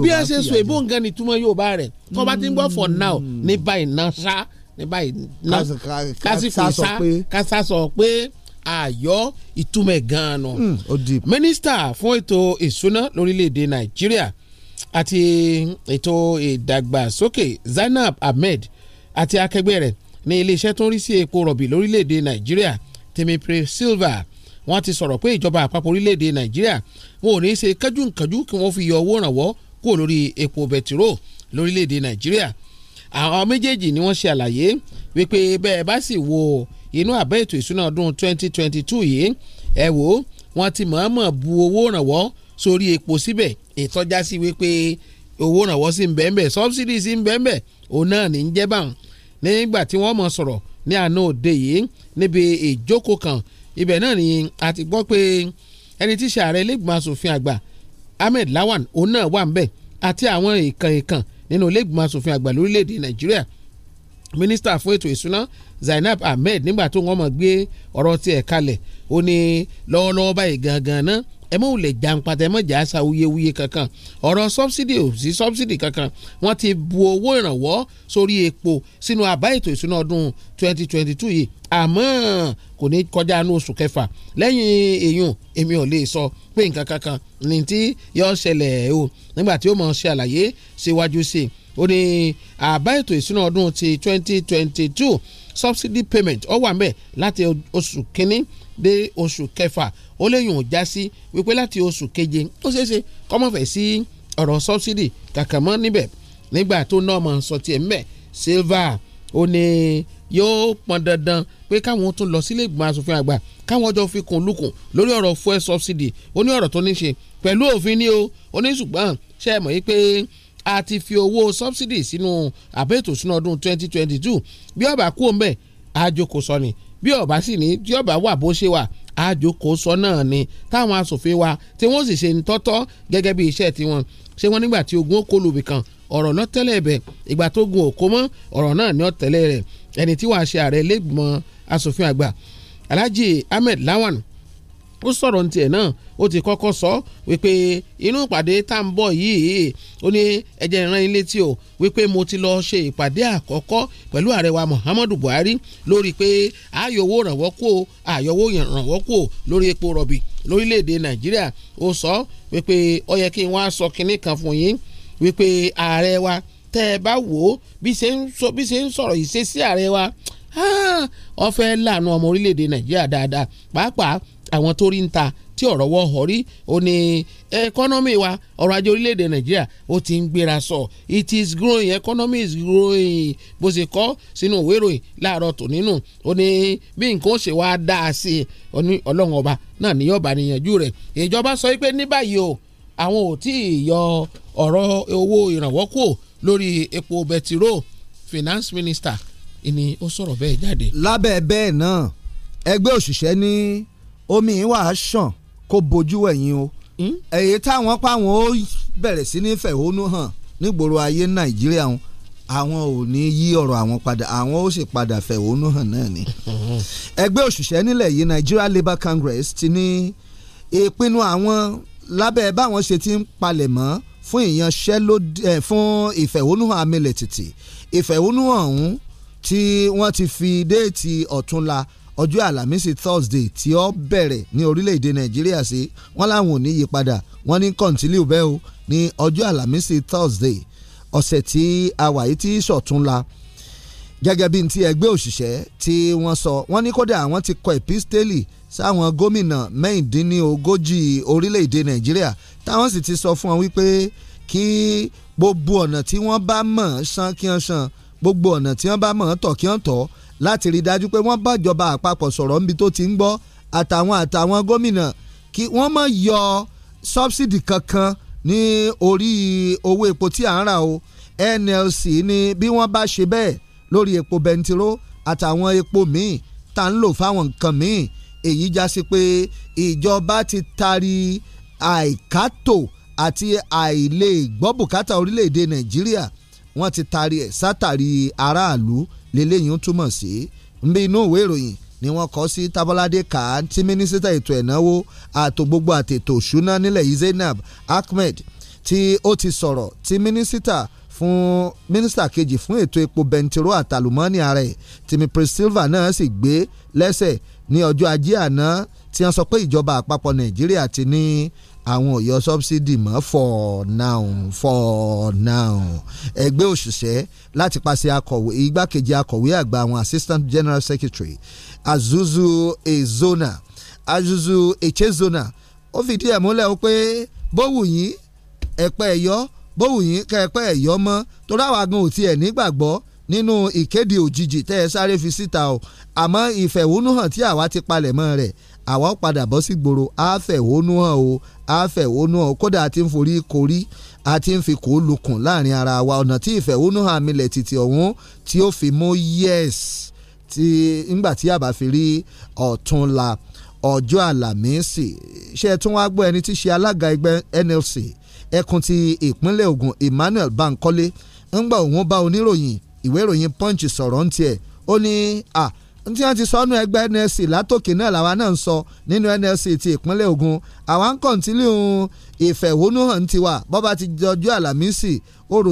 bí ẹ ṣe sọ èbó nǹkan nìtumọ̀ Yorùbá rẹ̀ tó bá ti ń gbọ́ for now hmm. ní báyìí náà ṣá ní báyìí náà kásìkò ṣá kásá pé àyọ ìtumọ̀ gan-an nù. Hmm, mínísítà fún ètò ìsúná lórílẹ̀‐èdè Nàìjíríà àti ètò ìdàgbàsókè Zainab Ahmed àti akẹgbẹ́ rẹ̀ ní iléeṣẹ́ tó ń rí sí epo rọ̀bì lórílẹ̀‐èdè Nàìjíríà Temipre Silva wọ́n ti sọ̀rọ̀ pé ìjọba àpapọ̀ orílẹ̀‐èdè Nàìjíríà wọn ò ní í ṣe kájúǹkájú kí wọ́n fi yọ owó ìrànwọ́ kúrò lórí epo bẹtiró lórílẹ̀‐èdè Nàìjíríà àwọn méjèèjì ni wọ́n ṣe àlàyé wípé bẹ́ẹ̀ bá sì wo inú àbẹ́ ètò ìsúná ọdún 2022 yìí ẹ wò wọ́n ti mọ̀ọ́mọ̀ bu owó ìrànwọ́ sórí epo síbẹ̀ ìtọ́já sí wípé owó ìrànwọ́ sí ń bẹ́ẹ̀ bẹ́ẹ̀ subsidy sí ń bẹ́ẹ̀ bẹ́ẹ̀ òun náà ní ń jẹ́ báwọn nígbà tí wọ́n mọ̀ sọ̀rọ̀ ní àná òde yìí níbi ìjókòó kan ibẹ̀ náà ni a ti gbọ́ pé ẹni tí sààrẹ ilégbìmọ̀ asòfin àgbà Ahmed Lawan òun náà wà ń bẹ̀ àti àwọn ìkàn ìkàn nínú ilégbìmọ̀ asòfin àgbà lórílẹ̀‐èdè Nàìjíríà mínísítà fún ètò ìsúná Zainab Ahmed nígbà tó wọ́n mọ̀ gbé ọ̀rọ̀ tiẹ̀ kalẹ̀ ó ní lọ́wọ́lọ́wọ́ báyìí gangan náà ẹ mọ̀ lè jàǹpàtà ẹ mọ̀ jà sa wuyewuye kankan ọ̀rọ̀ sọ́bsidì ò sí sọ́bsidì kankan wọ́n ti bu owó ìrànwọ́ sórí epo sínú àbá ètò ìsúná ọdún 2022 yìí àmọ́ kò ní kọjá inú oṣù kẹfà lẹ́yìn èèyàn èmi ò lè sọ pé nǹkan kankan ní tí yóò ṣẹlẹ̀ o nígbà tí ó mọ̀ ṣe àlàyé síwájú sí i ó ní àbá ètò ìsúná ọdún ti 2022 subsidy payment ó wà ńbẹ̀ láti oṣù kínní dé oṣù kẹfà ó léyìn ò já sí wípé láti oṣù keje ó ṣeéṣe kọ́mọ̀fẹ́ sí ọ̀rọ̀ sọ́bsidì kàkà mọ́ níbẹ̀ nígbà tó ná ọmọ sọtì ẹ̀ mbẹ̀ silva ó ní yóò pọn dandan pé káwọn tún lọ sílé ìgbìmọ̀ asòfin àgbà káwọn ọjọ́ fi kùn lukùn lórí ọ̀rọ̀ fuel subsidy ó ní ọ̀rọ̀ tó ní ṣe pẹ̀lú òfin ni o ó ní ṣùgbọ́n ṣe é mọ̀ yìí pé a ti fi owó subsidy sínú àbẹ́tò sínú ọdún 2022 bí ọ̀bà kú òun bẹ́ẹ̀ àjòkò sọ ni bí ọba sì ní tí ọba wà bó ṣe wà àjòkó sọ náà ni táwọn asòfin wa tí wọ́n sì ṣe ń tọ́tọ́ gẹ́gẹ́ bí iṣẹ́ tiwọn ṣé wọ́n nígbà tí ogun ó kó lùbì kan ọ̀rọ̀ náà tẹ́lẹ̀ bẹ̀ ìgbà tó gun òkó mọ́ ọ̀rọ̀ náà ni ó tẹ́lẹ̀ rẹ̀ ẹni tí wàá ṣe ààrẹ lẹ́gbọ̀n asòfin àgbà Alhaji Ahmed Lawan ó sọ̀rọ̀ ní tiẹ̀ náà ó ti kọ́kọ́ sọ wípé inú ìpàdé tá à ń bọ̀ yìí ó ní ẹ̀jẹ̀ ìran ilé tí o wípé mo ti lọ ṣe ìpàdé àkọ́kọ́ pẹ̀lú ààrẹ wa Muhammadu Buhari lórí pé àyọ̀wò rànwọ́ kú o àyọ̀wò rànwọ́ kú o lórí epo rọ̀bì lórílẹ̀‐èdè Nàìjíríà ó sọ wípé ó yẹ kí n wá sọ kinní kan fún yín wípé ààrẹ wa tẹ́ ẹ bá wò ó bí ṣe ń sọ̀rọ̀ ìṣesí ààrẹ wa ó fẹ́ láàánú ọmọ orílẹ̀‐èdè Nàìjíríà dáadáa pàápàá àwọn tó rí ń ta tí ọ̀rọ̀ wọ́ ọ̀họ́ rí ó ní ẹkọ́nọ́mì wa ọrọ̀ ajé orílẹ̀-èdè nàìjíríà ó ti ń gbéra sọ it is growing economy is growing bó ṣe kọ́ sínú òwe ìròyìn láàárọ̀ tó nínú ó ní bí nǹkan ó ṣe wá dá a sí i ọlọ́run ọba náà ní yọ̀ọ̀bà níyànjú rẹ̀ ìjọba sọ pé ní báyìí o àwọn ò tí ì yọ ọ̀rọ̀ owó ìrànwọ́ kù lórí epo bẹtiró finance minister ìní ó sọ̀rọ̀ bẹ́ẹ̀ jáde. lábẹ́ bẹ́ẹ̀ náà ẹgbẹ́ òṣìṣẹ́ ní omi yìí wàá ṣàn kó bojú ẹ̀yìn o hmm? èyí táwọn páwọn ó bẹ̀rẹ̀ sí ní fẹ̀hónú hàn nígboro ayé nàìjíríà wọn àwọn ò ní yí ọ̀rọ̀ àwọn padà àwọn ó sì padà fẹ̀hónú hàn náà ni. ẹgbẹ́ òṣìṣẹ́ nílẹ̀ yìí Nigeria Labour Congress ti ní ìpinnu àwọn lábẹ́ báwọn ṣe ti ń palẹ̀ mọ́ fún ìyanṣẹ́lódì ẹ̀ eh, fún ìfẹ̀hónúhàn amílẹ̀ tìtì ìfẹ̀hónúhàn ọ̀hún tí wọ́n ti fi déètì ọ̀túnla ọjọ́ àlàmísì thursday tí ó bẹ̀rẹ̀ ní orílẹ̀-èdè nàìjíríà sí wọ́n láwọn ò ní yí padà wọ́n ní kọ́ńtìlíù bẹ́ẹ̀ o ní ọjọ́ àlàmísì thursday ọ̀sẹ̀ tí a wà yìí tí sọ̀túnla gẹ́gẹ́ bí ti ẹgbẹ́ òṣìṣẹ́ tí wọ́n sọ wọ́n ní kódà àwọn ti kọ episteli sáwọn gómìnà mẹ́rìndínlógójì orílẹ̀-èdè nàìjíríà táwọn sì ti sọ fún wọn wípé kí gbogbo ọ̀nà tí wọ́n bá mọ̀ san kí wọ́n san gbogbo ọ̀nà tí wọ́n bá mọ̀ tọ̀ kí wọ́n tọ̀ láti rí dájú pé wọ́n bájọba àpapọ̀ sọ̀rọ̀ níbi tó ti ń gbọ́ àtàwọn àtàwọn gómìnà kí wọ́n má yọ sọ́bsidì kankan ní orí owó epo tí à ń rà o NLC ni bí wọ́n bá ṣe bẹ́ẹ̀ lórí epo bẹntiró àtàwọn epo míì tá ń lò fáwọn nǹkan míì èyí já sí pé ìjọba ti tari àìkátò àti àìlè gbọ́ bùkátà orílẹ̀-èdè Nàìjíríà wọ́n ti tari ẹ̀ sátàrí aráàlú lélẹ́yìn túmọ̀ sí nbí inú ìwé ìròyìn ni wọ́n kọ sí tábọ́ládé ká tí mínísítà ètò ẹ̀náwó àtò gbogbo àtètò òṣùná nílẹ̀ yìí Zainab Ahmed tí ó ti sọ̀rọ̀ tí mínísítà fún mínísítà kejì fún ètò epo bẹntiró àtàlùmọ́ọ́nì ààrẹ tìmí Priscilla náà sì gbé lẹ́sẹ̀ ní ọjọ́ ajé àná tí wọ́n sọ pé ìjọba àpapọ̀ Nàìjíríà ti ní àwọn ò yọ subsidy mọ́ for now for now ẹgbẹ́ òṣìṣẹ́ láti pàṣẹ akọ̀wé igbákejì akọ̀wé àgbà àwọn assistant general secretary Azuzu Ezona Azuzu Echezona ó fìdí ẹ̀ múlẹ̀ o pé bówù yín ẹ̀pẹ́ ẹ̀yọ́ bówù yín kẹ́ẹ̀pẹ́ ẹ̀yọ́ mọ́ tó dáwà gan òtí ẹ̀ nígbàgbọ́ nínú ìkéde òjijì tẹ́ ẹ sáré fi síta o àmọ́ ìfẹ̀hónúhàn tí àwa ti palẹ̀ mọ́ rẹ̀ àwa ó padà bọ́ sí gbòòrò àáfẹ̀hónú hàn o àáfẹ̀hónú hàn kódà àti ń forí korí àti ń fi kó lukùn láàrin ara wa ọ̀nà tí ìfẹ̀hónú hàn milẹ̀ títí ọ̀hún tí ó fi mú yes ti ńgbà tí àbá fi rí ọ̀tún la ọjọ́ àlàmísì ṣe é tún wá gbọ́ ẹni tí ṣe alága ẹgbẹ́ NLC ẹkùn ti ìpínlẹ̀ Ògùn Emmanuel Bankole ńgbà òun bá oníròyìn ìwé ìròyìn Punch sọ̀rọ̀ ń tiẹ̀ ó ní à ah, tí wọ́n ti sọ nínú ẹgbẹ́ NLC látòkè náà làwa náà ń sọ nínú NLC ti ìpínlẹ̀ Ògùn àwa ń kọ̀ǹtínlẹ̀ ìfẹ̀hónúhàn tiwa bọ́ba ti jọjọ́ àlàmísì orò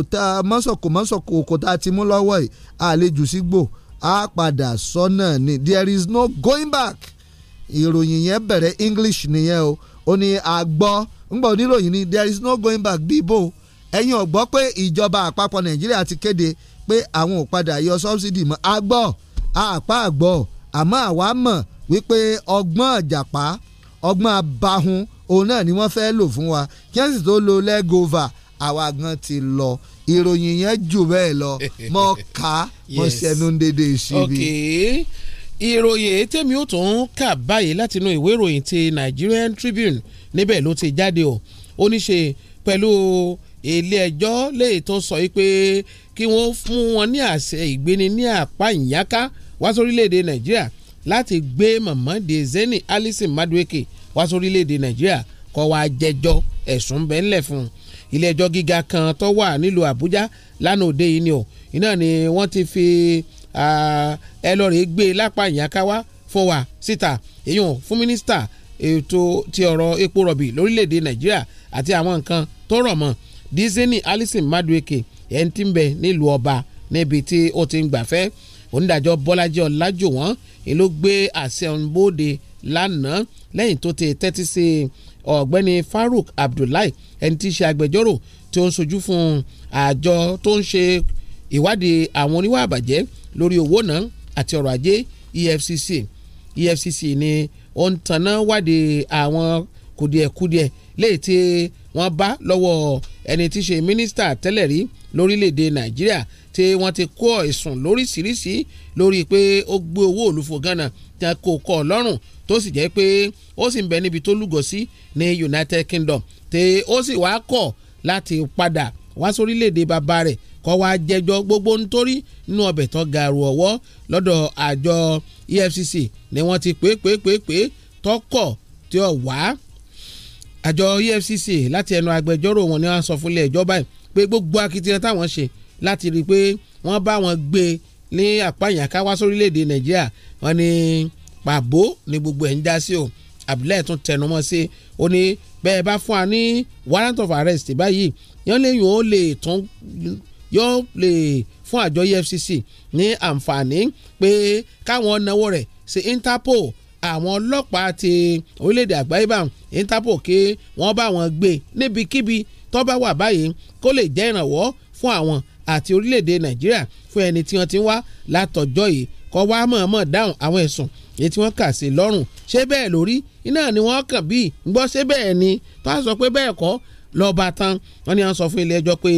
mọ́sọ̀kò mọ́sọ̀kò òkò ti mú lọ́wọ́ yìí àlejò sígbò á padà sọ náà ni there is no going back ìròyìn yẹn bẹ̀rẹ̀ English nìyẹn o ó ní àgbọ̀ ńgbọ̀ oníròyìn ni there is no going back bí ẹ̀yin ò pé ìjọba àpapọ̀ Nàìjíríà ti kéde pé àwọn ò yọ subsidy mọ́ àgbọ̀ àpá àgbọ̀ àmọ́ àwa mọ̀ wípé ọgbọ́n àjàpá ọgbọ́n abahun òun náà ni wọ́n fẹ́ lò fún wa kí wọ́n tó lo legova àwa gan ti lọ ìròyìn yẹn jù bẹ́ẹ̀ lọ mọ́ ká mọ́ sẹ́nu dédé síbi. ìròyìn tèmi ó tún kà báyìí látinú ìwé ìròyìn ti Nigerian Tribune níbẹ̀ ló ti jáde o ó pẹ̀lú ilé ẹjọ́ lè tó sọ yìí pé kí wọ́n mú wọn ní àṣẹ ìgbéni ní àpá ìyáká wá sórílẹ̀‐èdè nàìjíríà láti gbé Mamadi Zeni Alison Madueke wá sórílẹ̀‐èdè nàìjíríà kó wá jẹjọ́ ẹ̀sùn bẹ́ẹ̀ ńlẹ̀ fún un ilé ẹjọ́ gíga kan tó wà nílùú àbújá lánàá òde yìí ni o iná ni wọ́n ti fi ẹ lọ rèé gbé lápá ìyànkáwá fún wa síta èyàn fún mínísítà ètò ti ọ̀rọ̀ epo rọ̀bì lórílẹ̀‐èdè nàìjíríà àti àwọn nǹkan tó rọ̀ mọ́ dísẹ́nì alison madueke ẹ̀ ń tí ń bẹ nílùú ọba níbi tí ó ti ń gbàfẹ́ onídàájọ́ bọ́lájí ọlájúwọ̀n ni ló gbé àṣẹ ọ̀nbóde lánàá lẹ́yìn tó ti tẹ́tí sí ọ̀gbẹ́ni Farouk Abdullahi ẹni tí í ṣe agbẹjọ́rò tí ó ń sojú fún àjọ tó ń ṣe ìwádìí àwọn oníwà àbàjẹ́ lórí owó náà àti ọrọ̀ ajé EFCC EFCC ni ó ń tanná wádìí àwọn kùdìẹ̀kudiẹ léyìí wọ́n bá lọ́wọ́ ẹni tí í ṣe mínísítà tẹ́lẹ̀ rí lórílẹ̀‐èdè nàìjíríà tí wọ́n ti kó ẹ̀sùn lóríṣiríṣi lórí pé ó gbé owó òlùfò gánà tí a kò kọ́ ọ lọ́rùn tó sì jẹ́ pé ó sì ń bẹ níbi tó lúgọ sí ní United Kingdom tí ó sì wá kọ̀ láti padà wá sórílẹ̀‐èdè bàbá rẹ̀ kọ́ wá jẹjọ́ gbogbo nítorí inú ọbẹ̀ tán garu ọwọ́ lọ́dọ̀ àjọ EFCC ni wọ́n ti pé pé pé pé tọkọ̀ tí ó wàá àjọ EFCC láti ẹnu agbẹjọ́rò wọn ni wọ́n sọ fúnlẹ̀ ìjọba yìí pé gbogbo akitiyan táwọn ṣe láti rí i pé wọ́n bá wọn gbé ní àpáyàn káwá sórílẹ̀‐èdè Nàìjíríà wọ́n ní pàbó ni gbogbo ẹ̀ ń dá sí o Abdullahi tún tẹnumọ́ sí ó ní bẹ́ẹ̀ bá fún wa ní warrant of arrest báyìí yọ́n lè yùn ó lè tún yóò lè fún àjọ EFCC ní àǹfààní pé káwọn náwó rẹ̀ sí Interpol àwọn ọlọ́pàá ti orílẹ̀-èdè àgbáyé bá Interpol kí wọ́n bá wọn gbé níbikíbi tó bá wà báyìí kó lè jẹ́ ìrànwọ́ fún àwọn àti orílẹ̀-èdè Nàìjíríà fún ẹni tí wọ́n ti ń wá látọjọ́ yìí kọ́ wá mọ̀ọ́mọ̀ dáhùn àwọn ẹ̀sùn èyí tí wọ́n kà sí lọ́rùn ṣé bẹ́ẹ̀ lórí iná ni wọ́n kàn bíi gbọ́ ṣé bẹ́ẹ̀ ni tó a sọ pé bẹ́ẹ̀ kọ́ lọ́ba tán wọ́n ní à ń sọ fún ilé ẹjọ́ pé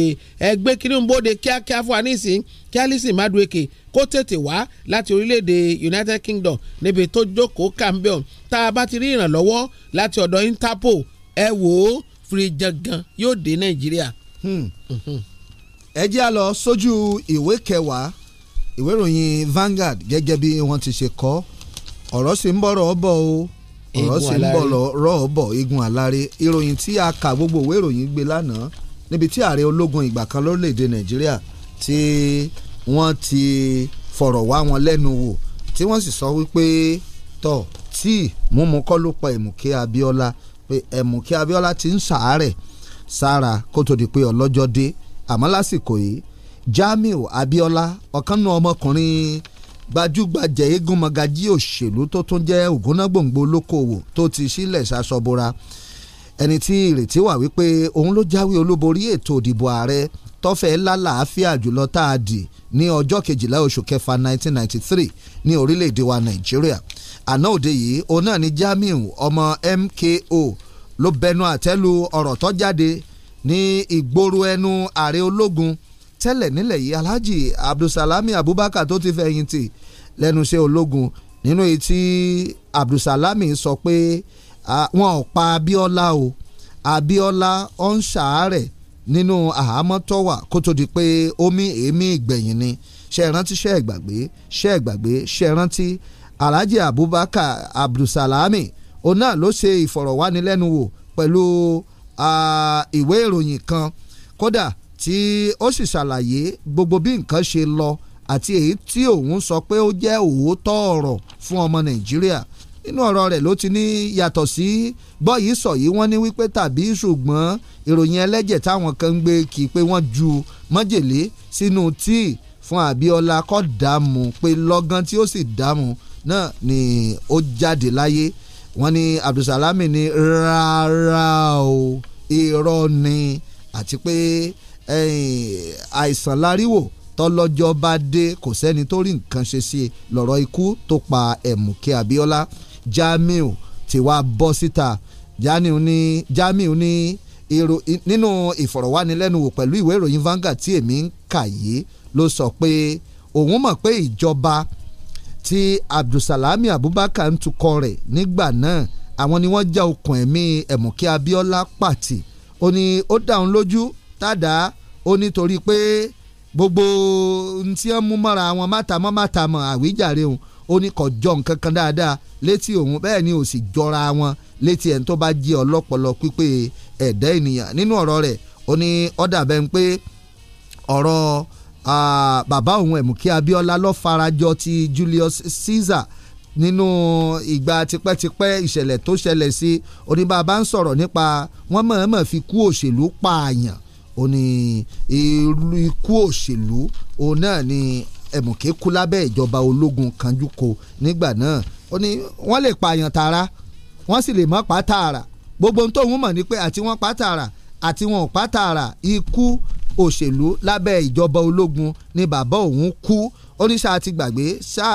ẹgbẹ́ kìnnìbóde kíákíá fún anísìn kí Alison Madueke kó tètè wá láti orílẹ̀-èdè United Kingdom níbi tó jókòó cambion tá a bá ti rí ìrànlọ́wọ́ láti ọ̀dọ̀ Interpol ẹ wò ó fìrì jangan yóò dé Nàìjíríà. Hmm. ẹ jẹ́ a lọ sójú ìwé kẹwàá ìwé ìròyìn Vanguard gẹ́gẹ́ bí wọ́n ti ṣe kọ ọ̀rọ̀ sì ń bọ̀rọ̀ ọ bọ̀ o ọ̀rọ̀ sì ń bọ̀ lọ rọ́ọ̀ bọ̀ igun àlárè ìròyìn tí a kà gbogbo òwe ìròyìn gbé lánàá níbi tí ààrẹ ológun ìgbà kan lórílẹ̀‐èdè nàìjíríà tí wọ́n ti fọ̀rọ̀ wá wọn lẹ́nu wò tí wọ́n sì sọ wípé tọ̀ tíì múmu kọ́ ló pa ẹ̀mùkẹ́ abíọ́lá pé ẹ̀mùkẹ́ abíọ́lá ti ń ṣàárẹ̀ sára kó tó di pé ọlọ́jọ́ dé àmọ́ lásìkò yìí jamiu abíọ́lá ọ̀kan nu ọmọkùnrin gbajúgbajà eégún mọ̀gájí òṣèlú tó tún jẹ́ ògúnnágbòǹgbò olókoòwò tó ti sílẹ̀ sasọ́bora ẹni tí ìrètí wà wípé òun ló jáwé olúborí ètò ìdìbò ààrẹ tọ́fẹ́ lálàáfíà jùlọ tá a dì ní ọjọ́ kejìlá oṣù kẹfà 1993 ní orílẹ̀-èdè wa nàìjíríà àná òde yìí òun náà ni Jamiu ọmọ MKO ló bẹnu àtẹ́lu ọ̀rọ̀ tó jáde ní ìgboro ẹnu ààrẹ ológun tẹ́lẹ̀ nílẹ̀ yìí Alhaji Abdulsalami Abubakar tó ti fẹ̀yìntì lẹ́nu iṣẹ́ ológun nínú èyí tí Abdulsalami sọ pé wọn ò pa Abíọ́lá o abiola ọ̀ ń ṣàárẹ̀ nínú àhámọ́ tó wà kó tó di pé omi èémí ìgbẹ̀yìn ni ṣe rántí ṣe ìgbàgbé ṣe ìgbàgbé ṣe rántí Alhaji Abubakar Abdulsalami òun náà ló ṣe ìfọ̀rọ̀wánilẹ́nuwò pẹ̀lú ìwé ìròyìn kan kódà tí ó sì ṣàlàyé gbogbo bí nǹkan ṣe lọ àti èyí tí òun sọ pé ó jẹ́ òótọ́ ọ̀rọ̀ fún ọmọ Nàìjíríà nínú ọ̀rọ̀ rẹ̀ ló ti ní yàtọ̀ sí gbọ́ yìí sọ yìí wọ́n ní wípé tàbí ṣùgbọ́n ìròyìn ẹlẹ́jẹ̀ táwọn kan ń gbé kì í pé wọ́n ju májèlé sínú tíì fún Abíọ́lá kọ́ dààmú pé lọ́gán tí ó sì dààmú náà ni ó jáde láyé wọ́n ní Abdulsalami ní rárá o irọ́ ni àti pé Eh, àìsàn láríwò tọlọ́jọ́ bá dé kò sẹ́ni tó rí nǹkan ṣe sí i lọ́rọ̀ ikú tó pa ẹ̀mùkẹ́ Abíọ́lá Jamiu ti wá bọ́ síta Jamiu ní nínú ìfọ̀rọ̀wánilẹ́nuwò pẹ̀lú ìwé ìròyìn Vanguard tí èmi ń kà yìí ló sọ pé òun mọ̀ pé ìjọba tí Abdulsalami Abubakar ń tukọ̀ rẹ̀ nígbà náà àwọn ni wọ́n já okùn ẹ̀mí ẹ̀mùkẹ́ Abíọ́lá pàtì ó ní ó dá òun lójú tàdá ó nítorí pé gbogbo ntí wọn mú mọ́ra wọn mátàmọ́ mátàmọ́ àwíjàre òun ó ní kò jọ nǹkan kan dáadáa létí òun bẹ́ẹ̀ ni ò sì jọra wọn létí ẹ̀ ń tó bá jẹ́ ọlọ́pọlọ pípé ẹ̀dá ènìyàn nínú ọ̀rọ̀ rẹ̀ ó ní ọ̀dà bẹ́ẹ̀ ń pé ọ̀rọ̀ bàbá òun Ẹ̀mùkí Abíọ́lá ló farajọ ti Julius Caesar nínú ìgbà tipẹ́tipẹ́ ìṣẹ̀lẹ̀ tó ṣẹlẹ̀ sí oníbàbá ń sọ̀rọ̀ nípa wọ́n mọ̀ọ́mọ̀ fi kú òṣèlú pààyàn ó ní irú ikú òṣèlú òun náà ni ẹ̀mùké kú lábẹ́ ìjọba ológun kanjúko nígbà náà ó ní wọ́n lè pààyàn tààrà wọ́n sì lè mọ́ pa tààrà gbogbo ohun tóun mọ̀ ni pé àti wọ́n pa tààrà àti wọn ò pa tààrà ikú òṣèlú lábẹ́ ìjọba ológun ni bàbá òun kú oníṣà ti gbàgbé ṣáà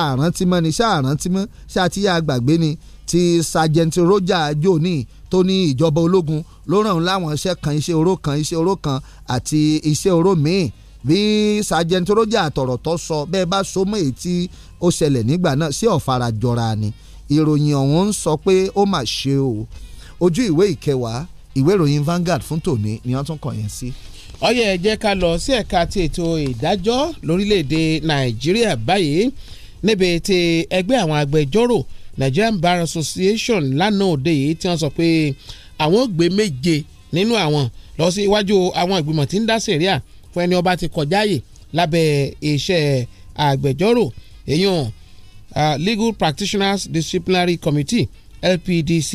àrántí mọ́ ni ṣáà àrántí mọ́ ṣáà ti yá gbàgbé ni ti Sergeant Roger Joni tó ní ìjọba ológun ló ràn án láwọn iṣẹ́ kan iṣẹ́ oró kan iṣẹ́ oró kan àti iṣẹ́ oró míì bí sergeant roger àtọ̀rọ̀tọ̀ sọ bẹ́ẹ̀ bá so mọ́ èyí tí ó ṣẹlẹ̀ nígbà náà sí ọ̀fara jọra ni ìròyìn ọ̀hún ń sọ pé ó mà ṣe o ojú ìwé ìkẹwàá ìwé ìròyìn Vanguard fún tòní ni wọ́n tún kàn yẹn sí. ọyẹ ẹ jẹ́ ká lọ sí ẹ̀ka ti ètò ìdájọ́ lórílẹ̀‐èdè Nàìjíríà báyìí níbi tí ẹgbẹ́ àwọn agbẹjọ́rò Nigerian Bar Association lánàá òde yìí tí wọ́n sọ pé àwọn gbé méje nínú àwọn lọ sí iwájú àwọn ìgbìmọ̀ tí ń dá sẹ̀ríà fún ẹni ọba ti kọjá yìí lábẹ́ iṣẹ́ àgbẹjọ́rò èèyàn Legal Practitioners Disciplinary Committee LPDC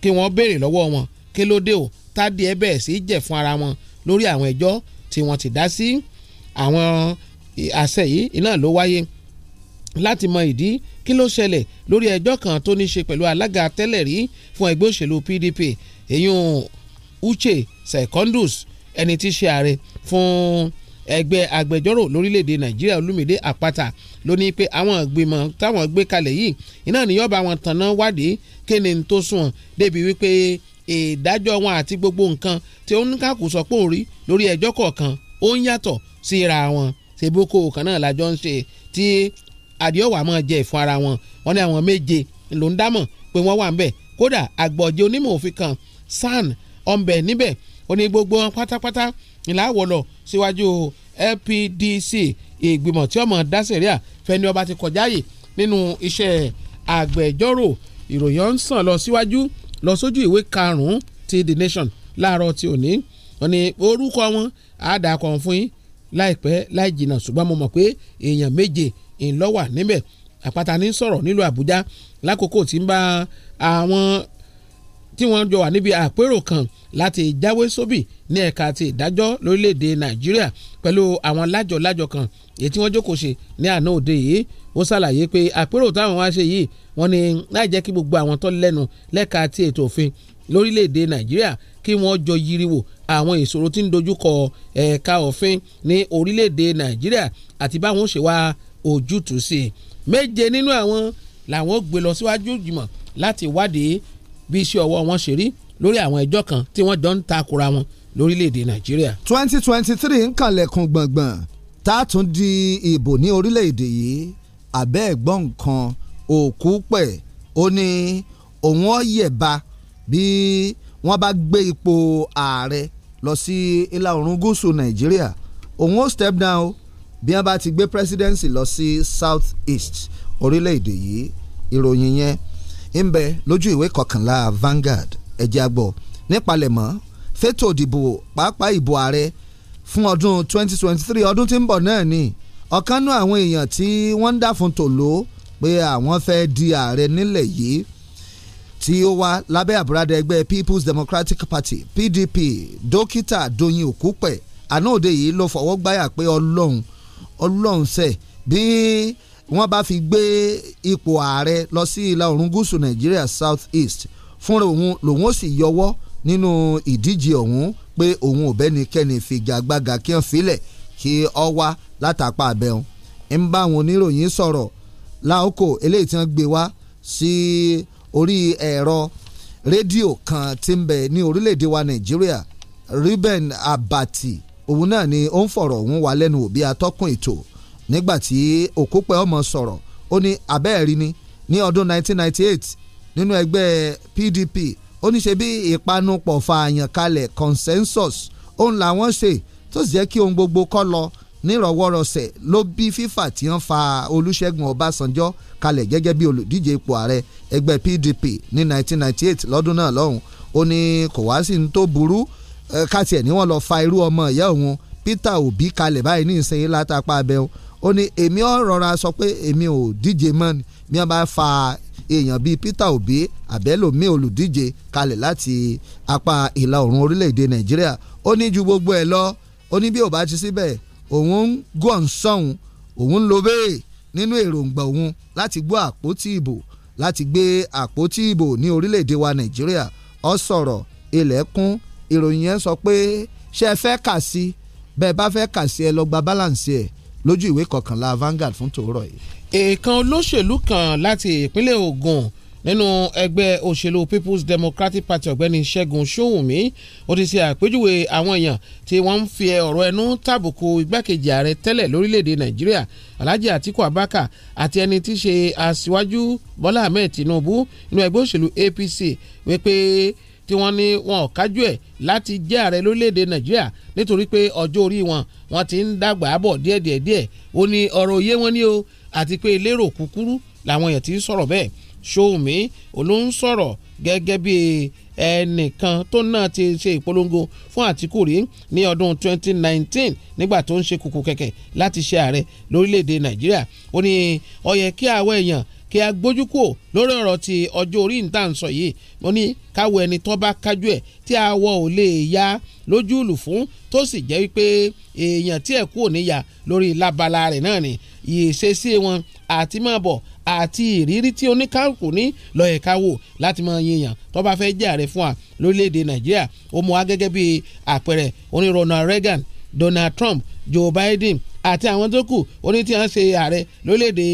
kí wọ́n béèrè lọ́wọ́ wọn kí ló dé o tádìí ẹ bẹ̀rẹ̀ sí jẹ̀ fún ara wọn lórí àwọn ẹjọ́ tí wọ́n ti dá sí àwọn àṣẹ yìí iná ló wáyé láti mọ ìdí kí ló ṣẹlẹ̀ lórí ẹjọ́ kan tó ní ṣe pẹ̀lú alága tẹ́lẹ̀ rí fún ẹgbẹ́ òṣèlú PDP èyun Uche Secondus ẹni tí í ṣe ààrẹ fún ẹgbẹ́ agbẹjọ́rò lórílẹ̀‐èdè Nàìjíríà Olúmídé Àpáta ló ní pé àwọn ìgbìmọ̀ táwọn gbé kalẹ̀ yìí iná níyọ́ bá wọn tanná wádìí kí ni tó sùn débi wípé ìdájọ́ wọn àti gbogbo nǹkan tí ó ń kàkó sọ pé òun rí lórí ẹjọ́ kọ̀ọ̀kan ó ń yàtọ̀ síra wọn ṣèbókò kan náà lájọ ń ṣe tí adìọ́wà máa jẹ ìfun ara wọn wọn ní àwọn méje ló ń dámọ̀ pé wọ́n wà ń bẹ̀ kódà àgbọ̀jẹ̀ onímọ̀ òfin kan san ọ̀nbẹ̀ níbẹ̀ ó ní gbogbo wọn pátápátá ìlà àwọ̀lọ̀ síwájú LPDC ìgbìmọ̀ tí ọmọ dáṣẹ̀ríà fẹ́ni ọba ti kọjá yìí nínú iṣẹ́ àgbẹ̀jọ́rò ìròyìn ọ̀hún sàn lọ síwájú lọ sójú ìwé karùn-ún ti The Nation láàárọ̀ tí ò ní wọn ni orúkọ wọn àdàkọ̀ fún yín láìpẹ́ láì jìnnà ṣùgbọ́n mo mọ̀ pé èèyàn méje ìlọ́wà níbẹ̀ àpáta ní sọ̀rọ̀ nílùú àbújá lákòókò tí ń bá àwọn tí wọ́n jọ wà níbi àpérò kan láti jáwé sóbì ní ẹ̀ka ti ìdájọ́ lórílẹ̀‐èdè nàìjíríà pẹ̀lú àwọn lájọ-lájọ kan èyí tí wọ́n jókòó ṣe ní àná òde yìí ó ṣàlàyé pé àpérò táwọn wá ṣe yìí wọ́n ní láì jẹ́ kí gbogbo àwọn tó lẹ́nu lẹ́ka ti ètò òfin lórílẹ̀‐èdè nàìjíríà kí wọ́n jọ yiriwo àwọn ìṣòro tí ń dojúkọ ẹ̀ka òfin ní orílẹ̀‐èdè nàìjíríà àti báwọn ó ṣe wá ojútùú sí i méje nínú àwọn làwọn gbé lọ síwájú ìgbìmọ̀ láti wádìí bí iṣẹ́ ọwọ́ wọn ṣe rí lórí àwọn ẹjọ́ kan tí wọ́n jọ ń takora wọn lórílẹ̀‐èdè nàìjíríà. twenty twenty three ń kànlẹ̀kùn gbọ̀ngbọ̀n tá a tún di ìbò ní orílẹ̀‐èdè yìí àbẹ́ ẹ̀gbọ́n nǹkan òkú pẹ̀ ó ní òun ó yẹ̀ba bí wọ́n bá gbé ipò ààrẹ lọ sí ìlà oòrùn gúúsù nàìjíríà òun ó step down bí wọ́n bá ti gbé presidency lọ sí south east orílẹ̀-èdè yìí ìròyìn yẹn ń bẹ lójú ìwé kọkànlá Vanguard ẹ̀jẹ̀ àgbọ̀ nípalẹ̀mọ́ fétò ìdìbò pàápàá ìbò ààrẹ fún ọdún 2023 ọdún tí ń bọ̀ náà ni ọ̀kan nú àwọn èèyàn tí wọ́n ń dá fún tòló pé àwọn fẹ́ di ààrẹ nílẹ̀ yìí tí ó wá lábẹ́ àbúradà ẹgbẹ́ People's Democratic Party PDP dókítà Doyin Òkúpẹ̀ àná òde yìí ló fọwọ́ gbáyà pé ọlọ́run ọlọ́run sẹ̀ bí wọ́n bá fi gbé ipò ààrẹ lọ sí ìlà oòrùn gúúsù nàìjíríà south east fúnra òun lòun ó sì yọwọ́ nínú ìdíje ọ̀hún pé òun ò bẹ́nikẹ́ni figagbága kí wọ́n filẹ̀ kí ọ wá látàpá abẹ́hùn ń bá àwọn oníròyìn sọ̀rọ̀ láòkò eléyìí tí wọ́n gbé wá sí orí ẹ̀rọ rédíò kan tí ń bẹ ní orílẹ̀-èdè wa nàìjíríà Reuben Abati òun náà ni ó ń fọ̀rọ̀ òun wá lẹ́nu òbí atọ́kùn ètò nígbàtí òkúpẹ́ ọmọ sọ̀rọ̀ ó ní abẹ́ẹ̀rí ni ní ọdún 1998 nínú ẹgbẹ́ PDP ó ní ṣe bí ìpanupọ̀ fààyàn kalẹ̀ consensus òun làwọn ṣe tó sì jẹ́ kí ohun gbogbo kọ́ lọ nírọ̀wọ́rọ̀sẹ̀ ló bí fífà tí wọ́n fa Olúṣẹ́gun Ọbásanjọ́ kalẹ̀ gẹ́gẹ́ bí olùdíje ipò ààrẹ ẹgbẹ́ PDP ní 1998 lọ́dún náà lọ́hùn ó ní kò wá sí ní tó burú kátiẹ̀ ni wọ́n lọ fa irú ọmọ ìyá òun Peter Obi kalẹ̀ báyìí ní ìsinyìí látàpá abẹ́hùn ó ní èmi ò rọra sọ pé èmi ò díje mọ́ ni mi bá fa èèyàn bíi Peter Obi abẹ́lòmí olùdíje kalẹ̀ láti apá ìlà oòrùn orílẹ̀‐èdè Nàìjíríà ó ní ju gbogbo ẹ̀ lọ ó ní bí ò bá ti síbẹ̀ òun ń gọ̀ ń sọ̀hún òun ń lo bẹ́ẹ̀ nínú èròǹgbà òun láti gbọ́ àpótí ìbò láti gbé àpótí ìbò ní orílẹ̀‐èdè wa Nàìjíríà ó sọ̀rọ̀ ilẹ̀kùn ìròyìn yẹn sọ pé ṣe ẹ fẹ́ kà sí bẹ́ẹ̀ bá fẹ́ kà sí ẹ lọ gba balance ẹ lójú ìwé kọkànlá Vanguard fún tòórọ̀ yìí. èèkan olóṣèlú kan láti ìpínlẹ̀ Ògùn nínú ẹgbẹ́ òṣèlú People's Democratic Party ọ̀gbẹ́ni Ṣẹ́gun Ṣóhùnmí ó ti ṣe àpèjúwe àwọn èèyàn tí wọ́n ń fi ọ̀rọ̀ ẹnu tàbùkù igbákejì ààrẹ tẹ́lẹ̀ lórílẹ̀‐èdè Nàìjíríà Alhaji Atiku Abubakar àti ẹni tí ṣe aṣíwájú Bọ́lá Ahmed Tinubu nínú ẹgbẹ́ òṣèlú APC wípé tí wọ́n ní wọn ò kájú ẹ̀ láti jẹ́ ààrẹ lórílẹ̀‐èdè nàìjíríà nítorí pé ọjọ́ orí wọn wọn ti ń dàgbà bọ̀ díẹ̀díẹ̀ díẹ̀ ó ní ọ̀rọ̀ òye wọn ní o àti pé lérò kúkúrú làwọn èèyàn ti ń sọ̀rọ̀ bẹ́ẹ̀ Ṣòwòmí olóhùn sọ̀rọ̀ gẹ́gẹ́ bí ẹnìkan tó náà ti ṣe ìpolongo fún Àtìkù rí ní ọdún 2019 nígbà tó ń ṣe kùkù kẹ̀kẹ́ láti ṣe ààrẹ lórílẹ̀‐èdè nàìjíríà ó ní ó kí àwọn èèyàn kí a gbójú kúrò lórí ọ̀rọ̀ ti ọjọ́ orí ń tà ń sọ yìí mo ní káwọ ẹni tó bá kájú ẹ̀ tí àwọ̀ ò lè ya lójú ìlú fún tó sì jẹ́ wípé èèyàn tí ẹ̀ kú ò níyà lórí labala rẹ̀ náà ni ìṣesí wọn àti máa bọ̀ àti ìrírí tí oníkálukú ní lọ́yẹ̀ ká wò láti máa yíyan tó bá fẹ́ jẹ́ ààrẹ fún wa lórílẹ̀‐èdè nàìjíríà ó mú wa gẹ́gẹ́ bí àpẹẹrẹ oní Ronald Reagan Donald Trump Joe Biden àti àwọn tó kù oní tí wọ́n ṣe ààrẹ lórílẹ̀‐èdè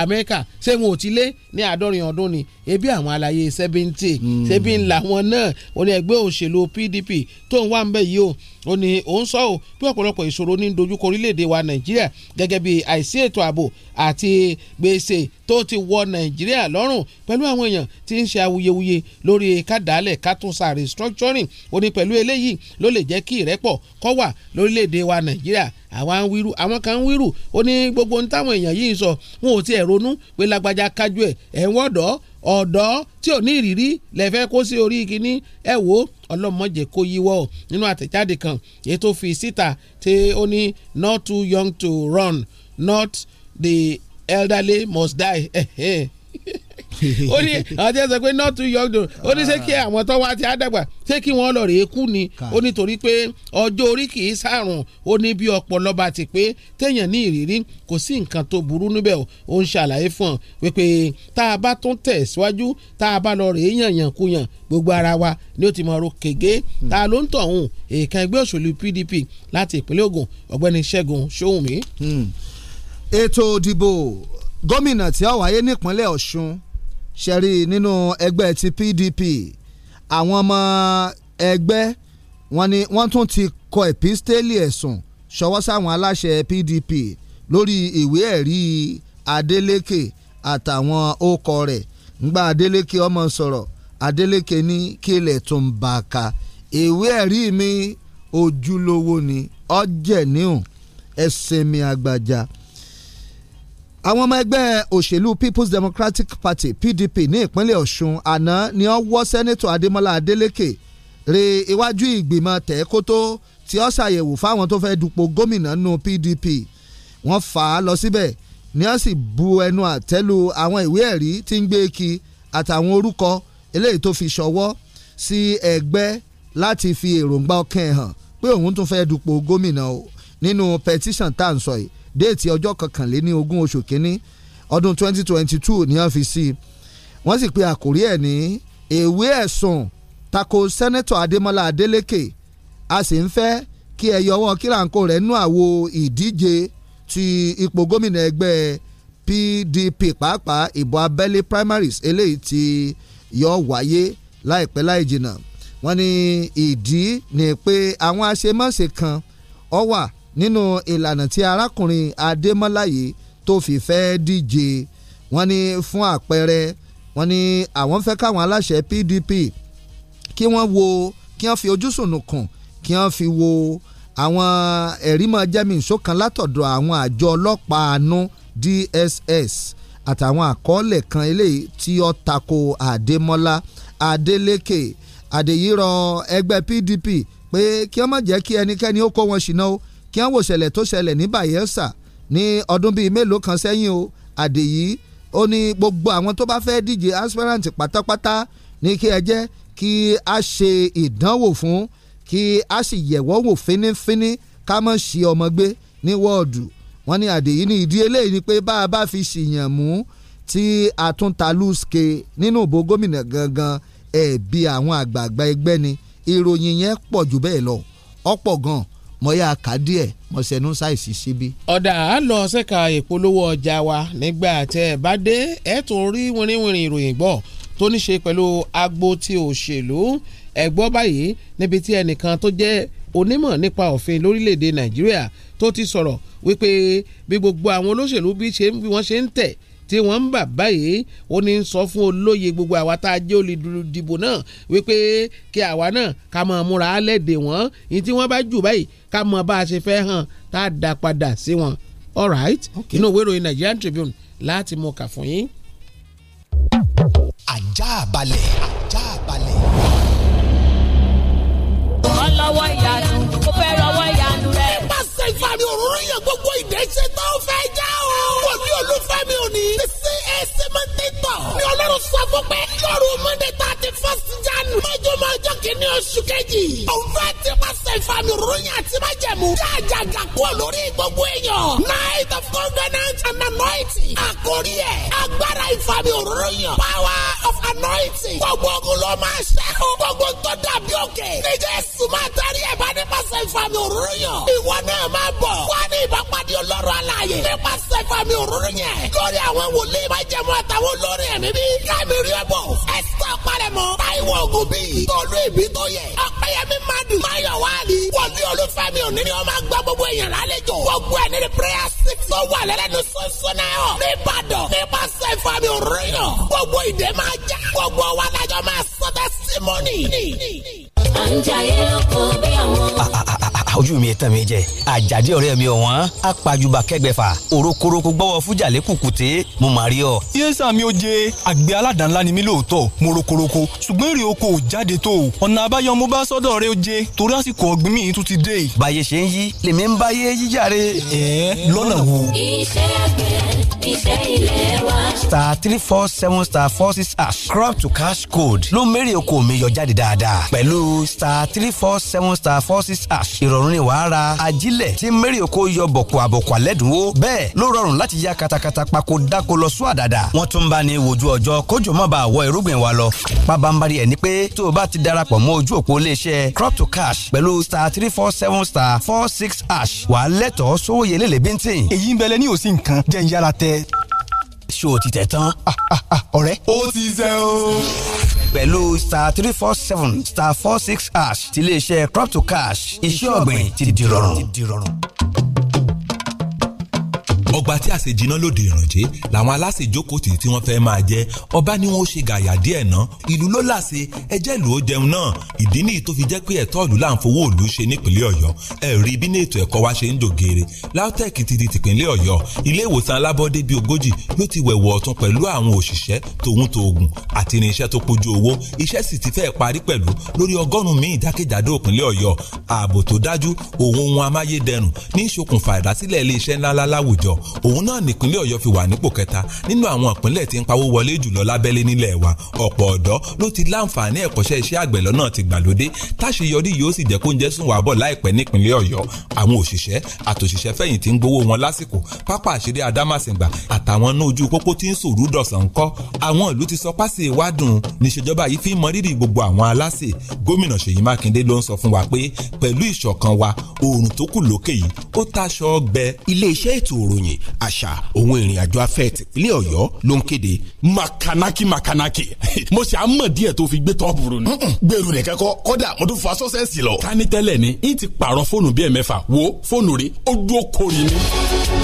Amẹ́ríkà ṣé wọn ò ti lé ní àádọ́rin ọdún ni ebi àwọn aláyé seventy hmm. ṣebí ńlá wọn náà oní ẹgbẹ́ òṣèlú PDP tó ń wá ń bẹ̀ yìí o ó ní òun sọ ọ́ pé ọ̀pọ̀lọpọ̀ ìṣòro ní dojúkọ orílẹ̀‐èdè wa Nàìjíríà gẹ́gẹ́ bí àìsí ètò ààbò àti gbèsè tó ti wọ Nàìjíríà lọ́rùn pẹ̀lú àwọn èèyàn tí ń ṣe awuyewuye lórí kádàálẹ̀ kátúnṣà restructuring ó ní pẹ̀lú eléyìí ló lè jẹ́ kí ìrẹ́pọ̀ kó wà lórílẹ̀‐èdè wa Nàìjíríà àwa ń wíru àwọn kan ń wíru ó ní gbogbo ohun táwọn èèyàn yìí ń sọ wọn ò tiẹ̀ ronú pé lágbájá kájú ẹ̀ ẹ̀ ń wọ́dọ̀ ọ̀dọ́ tí ò ní ìrírí lẹ́fẹ́ kó sí orí kínní ẹ̀ wò ó ọlọ́mọdé kó yíwọ́ nínú àtẹ̀jáde kan èyí tó fi síta tí ó ní not too young to run not the elderly must die. ó ní àwọn tí pé not too young do ó ní ṣé kí àwọn tó wá ti á dàgbà ṣé kí wọ́n lọ rèé kú ni ó ní torí pé ọjọ́ orí kì í sàrùn ó ní bí ọpọlọ bá ti pé téèyàn ní ìrírí kò sí nǹkan tó burú níbẹ̀ ó ń ṣàlàyé fún ọ wípé tá a bá tún tẹ̀ síwájú tá a bá lọ rèé yànyàn kuyàn gbogbo ara wa ni ó ti mọ ro kege hmm. ta ló ń tọ̀hún èèkan ẹgbẹ́ òṣèlú PDP láti ìpínlẹ̀ Ògùn ọ̀gbẹ́ni Ṣẹ́gun Ṣóhùnmí. Hmm. ètò òdìbò gómìnà tí ó wáyé nípínlẹ̀ Ọ̀ṣun ṣẹ́rí nínú ẹgbẹ́ ti PDP àwọn ọmọ ẹgbẹ́ wọn ni wọ́n tún ti kọ epistelli ẹ̀sùn ṣọwọ́ sáwọn aláṣẹ PDP lórí ìwé ẹ̀rí Adeleke àtàwọn okọ rẹ̀ ńgbà Adeleke ọmọ sọ̀rọ̀ Adeleke ní kílẹ̀ tó ń bá a ka ìwé ẹ̀rí mi ojúlówó ni ọ̀jẹ̀ níhùn ẹ̀sìn mi àgbàjá. E àwọn ọmọ ẹgbẹ́ òṣèlú People's Democratic Party PDP ní ìpínlẹ̀ Ọ̀ṣun àná ni wọ́n wọ́ sẹ́nẹ́tọ̀ Adémọ́lá Adélékè re iwájú ìgbìmọ̀ tẹ̀ẹ́kótó tí ó ṣàyẹ̀wò fáwọn tó fẹ́ dupò gómìnà nù PDP wọ́n fà á lọ síbẹ̀ ni wọ́n sì bu ẹnu àtẹ́lu àwọn ìwé ẹ̀rí tí ń gbé kí àtàwọn orúkọ eléyìí tó fi ṣọwọ́ sí ẹgbẹ́ láti fi èròǹgbà ọkàn hàn pé òun tún fẹ́ dupò gómìnà nínú pẹtíṣàn tá à ń sọ yìí déètì ọjọ́ kọkànléní ogún oṣù kínní ọdún 2022 ni wọ́n fi sí i wọ́n sì pe àkórí ẹ̀ ní èwe ẹ̀sùn tako sẹ́nẹ́tọ̀ adémọ́lá adélékè a sì ń fẹ́ kí ẹ yọwọ́ kíláǹkó rẹ̀ nú àwo ìdíje ti ipò gómìnà ẹgbẹ́ PDP pàápàá ìbò abẹ́lé primaries eléyìí ti yọ wáyé láìpẹ́ láì jìnnà wọ́n ní ìdí ni pé àwọn àṣemáṣe kan ọ wà nínú ìlànà tí arákùnrin adémọ́lá yìí tó fi fẹ́ díje wọ́n ní fún àpẹẹrẹ wọ́n ní àwọn fẹ́ káwọn aláṣẹ PDP kí wọ́n wo kí wọ́n fi ojúsùnùkùn kí wọ́n fi wo àwọn ẹ̀rí mọ́ jẹ́mìíṣó kan látọ̀dọ̀ àwọn àjọ ọlọ́pàá àánú DSS àtàwọn àkọọ́lẹ̀ kan eléyìí tí ó tako adémọ́lá adélékè adéyírọ̀ ẹgbẹ́ PDP pé kí wọ́n má jẹ́ kí ẹnikẹ́ni ó kó wọn ṣìnà o kí wọ́n wò ṣẹlẹ̀ tó ṣẹlẹ̀ ní Bayelsa ní ọdún bíi mélòó kan sẹ́yìn o Àdèyí ó ní gbogbo àwọn tó bá fẹ́ díje aspirant pátápátá ní kí ẹ jẹ́ kí a ṣe ìdánwò fún kí a sì yẹ̀wọ́ wò fínífíní ká mọ̀ sí ọmọ gbé ní wọ́ọ̀dù wọ́n ní Àdèyí ní ìdí ni pé bá a bá fi ṣìyàn mú tí àtúntalùsùkè nínú ìbò gómìnà gangan ẹ̀bi àwọn àgbààgbà ẹgbẹ́ ni ìròyìn yẹn pọ̀ jù bẹ́ẹ̀ lọ ọ̀pọ̀ gan-an mo yà ká díẹ̀ mo ṣẹnu ṣàìsí síbí. ọ̀dà á lọ ṣẹ́ka ìpolówó ọjà wa nígbà tẹ́ ẹ bá dé ẹ tún rí wìrìwìrì ìròyìn gbọ́ tó ní ṣe pẹ̀lú agbo ti òṣèlú ẹ gbọ́ báyìí níbi tí ẹnìkan tó jẹ́ onímọ̀ nípa òfin lórílẹ̀‐èdè nàìjíríà tó ti sọ̀rọ̀ wípé bí gbogbo àwọn olóṣèlú bí wọ́n ṣe ń tẹ̀ tí wọ́n ń bà báyìí ó ní sọ fún olóye gbogbo àwa tá a jẹ́ olùdìbò náà wípé kí àwa náà ká mọ̀ múra lẹ́dẹ̀ wọ́n ní tí wọ́n bá jù báyìí ká mọ̀ bá a ṣe fẹ́ hàn tá a dá padà sí wọn all inú ìwé ìròyìn Nigerian Tribune láti mọ̀ kà fún yín. ajá balẹ̀ ajá balẹ̀. ọlọ́wọ́ ìyanu ó fẹ́ rọwọ́ ìyanu rẹ̀. nípasẹ̀ ìfàmì òróró yẹn gbogbo ìdẹ́sẹ̀ tó fẹ́ olúfẹ́mi òní ṣe Monday tọ̀. Ní Ọlọ́run sọ fún pé a Monday thirty first Jan lọ́jọ́ máa jọ kìíní oṣù kejì. Òun fẹ́ ti pàṣẹ ìfàmì ròyìn àti májẹ̀mú. Jẹ́ àjàgà kúrò lórí gbogbo èèyàn. Night of covenant and anointing. Àkórí ẹ̀ agbára ìfàmì ròyìn. Power of anointing. Gbogbo ogun ló máa ṣẹ́ o. Gbogbo tó dàbí òkè. Níjẹ́ Jésù máa darí ẹ̀ bá nípasẹ̀ ìfàmì òróró yàn. Ìwọ náà máa bọ̀. Wá ní ìbápadì ọlọ́run aláàyè. Nípasẹ̀ ìfàmì òróró yẹn. Lórí àwọn wòlíì máa jẹ àtàwọn àtàwọn olórí ẹ̀mí bí. Láìmí rí ẹ̀bọ̀ ẹ̀sítọ́ parẹ́mọ́. Táíwò ògùn bíi tọ́lú ìbí tó yẹ. Ọ̀pẹ̀yẹmí Madu Máyọ̀ Wálé. Wọlé olúfẹ́mi òní ni wọ́n máa gba gbogbo èèyàn lálejò. Gbogbo ẹ̀ ní prayer six tó wà lẹ́lẹ́nu sunsun náà Níbàdàn nípasẹ̀ wa lájọ máa sọ tẹ́símọ́nì. À ń jayé lóko bí àwọn ah, ah, ah, ojú mi tán mi jẹ àjàdí ọ̀rẹ́ mi ọ̀wọ́n apajùbà kẹgbẹ̀fà òrókòrókò gbọ́wọ́ fújàlé kùkùté mo mà rí ọ tíyẹ́sà mi ó jẹ àgbẹ̀ aládàá ni mí lóòótọ́ mo rokoroko ṣùgbọ́n èrè oko ò jáde tó o ọ̀nà àbáyọ mo bá sọ́dọ̀ rẹ ó jẹ torí àsìkò ọ̀gbìn mi tún ti dé. báyé ṣe ń yí lèmi ń báyé yíjàre. ẹ lọ́nà wo. star three four seven star four six hash crop to cash code ló mẹ́rẹ̀ oko mi yọ jáde dáadáa pẹ̀lú star three four seven star four six hash ìrọ̀rùn ni wàá ra ajílẹ̀ tí mẹ́rẹ̀ oko yọ bọ̀kọ̀ àbọ̀kọ̀ àlẹ́dùnwó bẹ́ẹ̀ ló rọrùn láti ya katakata pako dáko lọ sún àdàdà wọ́n tún bá ní wojú ọjọ́ kójò mọ́ bá wọ irúgbìn wa lọ pabambari ẹ̀ ni pé tó o bá ti darapọ̀ mọ́ ojú òpó iléeṣẹ́ crop to cash pẹ̀lú star three four seven star four six hash wàá lẹ́tọ̀ọ́ sówó yẹlé lẹ́bíntìn. èyí ń bẹ̀lẹ̀ ní òsì nǹkan jẹ́ ń tẹ ṣé o ti tẹ̀ tán. Ah, ah, ah, ọ̀rẹ́ ó ti ṣe o. pẹ̀lú star three four seven star four six hash ti iléeṣẹ́ crop to cash iṣẹ́ ọ̀gbìn ti di rọrùn ọgbà tí àṣẹ jiná lòdì ìrànjẹ làwọn aláṣẹ ìjókòó tí wọ́n fẹ́ máa jẹ ọba ni wọ́n ó ṣe gàyà díẹ̀ ná ìlú ló láṣẹ ẹjẹ́ ìlú ó jẹun náà ìdí nìyí tó fi jẹ́ pé ẹ̀tọ́ ìlú là ń fowó ìlú ṣe nípìnlẹ̀ ọ̀yọ́ ẹ̀rí bí ní ètò ẹ̀kọ́ wa ṣe ń dògèrè LAUTECH ti di tìpínlẹ̀ ọ̀yọ́ ilé ìwòsàn alábọ́dé bíi ogójì ló ti wẹ̀wọ̀ ọ̀tún pẹ̀lú àwọn òṣìṣẹ́ tòun tòògùn àti irinṣẹ́ tó òun náà nípínlẹ̀ ọ̀yọ́ fi wà nípò kẹta nínú àwọn ìpínlẹ̀ tí ń pawó wọlé jùlọ lábẹ́lé nílẹ̀ wa ọ̀pọ̀ ọ̀dọ́ ló ti láǹfààní ẹ̀kọ́ṣẹ́ iṣẹ́ àgbẹ̀ lọ́nà ti gbàlódé táṣeyọrí yóò sì jẹ́ kó ń jẹ́ sùn wàbọ̀ láìpẹ́ nípínlẹ̀ ọ̀yọ́ àwọn òṣìṣẹ́ àtòṣìṣẹ́ fẹ̀yìntì ń gbowó wọn lásìkò pápá àṣírí adámàsìngbà àtàwọn náà ojú pópó tí ń sòrú dọ̀sán kọ́ àwọn ìlú ti sọ pásì ìwádùn níṣèjọba yìí fi ń mọrírì gbogbo àwọn aláṣẹ gómìnà Ṣèyí Mákindé ló ń sọ fún wa pé pẹ̀lú ìṣọ̀kan wa oòrùn tó kù lókè yìí ó taṣọ ọgbẹ́. iléeṣẹ́ ètò òròyìn ìròyìn àṣà òun ìrìn àjò afẹ́ tìpínlẹ̀ ọ̀yọ́ ló ń kéde makanaki makanaki mo ṣe àmọ̀ díẹ̀ tó fi gbé tọ́pù rò ní. gbèrú nìkan kọ kọ́dà mo tún fa sọ́sẹ́sì lọ. ká ní tẹ́lẹ̀ ni n ti pààrọ̀ fóònù bíi ẹ̀mẹ́fà wo fóònù rí ojú ó kórìí ni.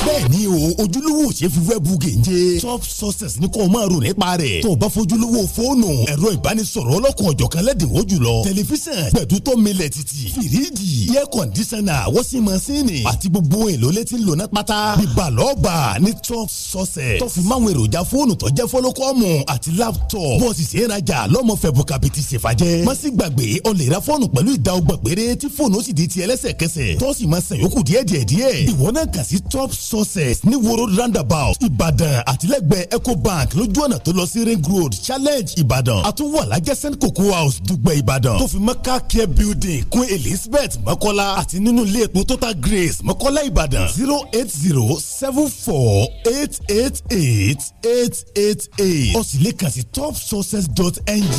bẹ́ẹ̀ni o ojúlówó ṣe fi wẹ́ẹ̀bù gèje top success ní kò máa rò nípa rẹ̀ tó o bá fojúlówó fóònù ẹ̀rọ ìbánisọ̀rọ̀ ọlọ́kùn ọ̀jọ̀kan lẹ́dínwó jùlọ tẹlifíṣàn pẹ̀tùtọ́ milẹ̀ títì fìríjì air conditioner wọ́sí masínì àti gbogbo èlò létí lónà pátá bíbá lọ́ọ̀gbà ní top success tó fi máwọn èròjà fóònù tó jẹ́ fọ́lọ́kọ́mù àti laptop bọ́ọ̀sì sí ìrajà lọ́mọ fẹ́ bùkàbìtì ṣèfàjẹ́ má sì gbàgbé ọ lè ra fóònù pẹ̀lú ìdá ọgbà péré tí fóònù ó sì di tiẹ̀ lẹ́sẹ̀kẹsẹ̀ tó sì máa san yòókù díẹ̀ díẹ̀ díẹ̀ ìwọ náà kà sí top success ní woro roundabout ìbàdàn àtìlẹ́gbẹ̀ẹ́ ecobank lójú ọ̀nà tó lọ sí ring road challenge ìbàdàn àtúwọ̀ alájẹsẹ́ni cocoa house dùgbẹ̀ ìbàdàn tó fi mọ́ car care building kún elizabeth mọ́kọ́lá àti nínú ilé epo total grace mọ́kọ́lá ìbàdàn zero eight zero seven seven four eight eight eight eight eight eight ó sì lè kàn sí topsources.ng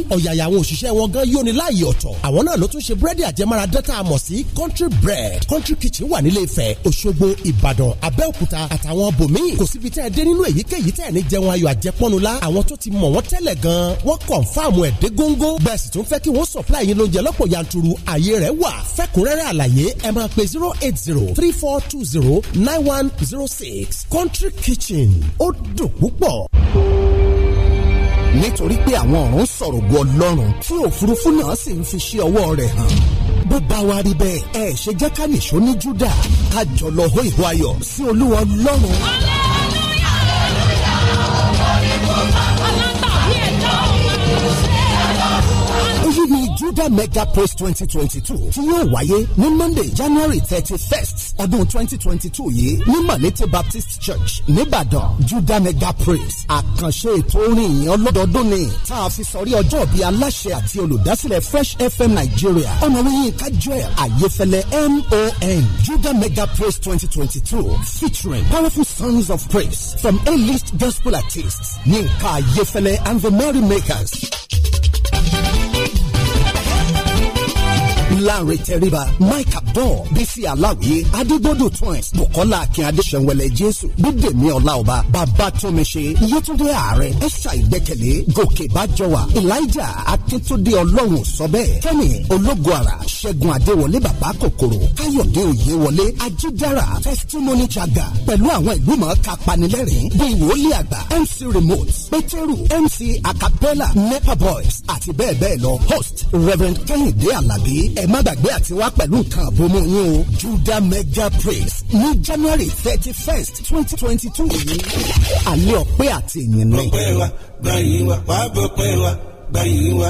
ní ọ̀yàyà àwọn òṣìṣẹ́ wọn gan yóni láàyè ọ̀tọ̀ àwọn náà ló tún ṣe búrẹ́dì àjẹmára dẹ́ta àmọ̀ sí country bread country kitchen wà nílé Ifẹ̀ Òṣogbo Ìbàdàn Abẹ́òkúta àtàwọn bòmíì kò síbi tẹ́ ẹ dé nínú èyíkéyìí tẹ́ ẹ ní jẹun ayọ̀ àjẹpọ́nula àwọn tó ti mọ̀ wọ́n tẹ́lẹ̀ gan wọ́n kọ̀ǹfàmù ẹ̀ dé góńgó bẹ́ẹ̀ sì tún country kitchen ó dùn púpọ̀ nítorí pé àwọn ọ̀run sọ̀rọ̀ gu ọlọ́run tí òfurufú náà sì ń fi ṣe ọwọ́ rẹ̀ hàn bó bá wa rí bẹ́ẹ̀ ẹ ṣe jẹ́ ká nìṣó ní júdà ká jọ ayọ̀ sí olúwa ọlọ́run. ọlọ́run Mega Mega Post 2022. twenty tí yóò wáyé ní Monday January 31st, ọdún twenty twenty two yìí ní Malete Baptist Church nìbàdàn Judah Mega Praise àkànṣe ètò orin ìyìn ọlọ́dọọdún ni tá a fi sọrí ọjọ́ bíi aláṣẹ àti olùdásílẹ̀ Fresh FM Nigeria ọ̀nàwó Yinka Joel Ayefẹlẹ MON Judah Mega Praise 2022, featuring powerful songs of praise from A-list gospel artists Yinka Ayefẹlẹ and the Merrymakers. Lanre Tẹríba Mike Abdul Bisi Alawi Adigbodò Twins Bukola Akin Adesanwẹlẹ Jésù Bídèmí Ọláọba Babatunmise Yetunde Ààrẹ Ẹ̀ṣà Ìgbẹ́kẹ̀lé Gòkè Bájọwà Elijah Akíntúndé Ọlọ́run sọ bẹ́ẹ̀ Kẹ́mi Ológunara Ṣẹ́gun Adéwọlé Bàbá Kòkòrò Káyọ̀dé Òyewọlé Ajídára Testimony Jaga pẹ̀lú àwọn ìlú mọ̀ọ́ká panilẹ́rìn bíi Wòlíì Àgbà MC Remote Peteru, MC Acapella Nepa Boys àti bẹ́ẹ̀ bẹ́ẹ̀ lọ host Rev Kẹ́hìndé Àlàbí ẹ má gbàgbé àti wá pẹ̀lú nǹkan àbomọ́ yín o Judah mega praise ní January thirty first twenty twenty two yìí àlẹ́ ọ̀pẹ́ àti ìyìn náà. ọpẹ́ wa gbàyìn wa wàá bọpẹ́ wa gbàyìn wa.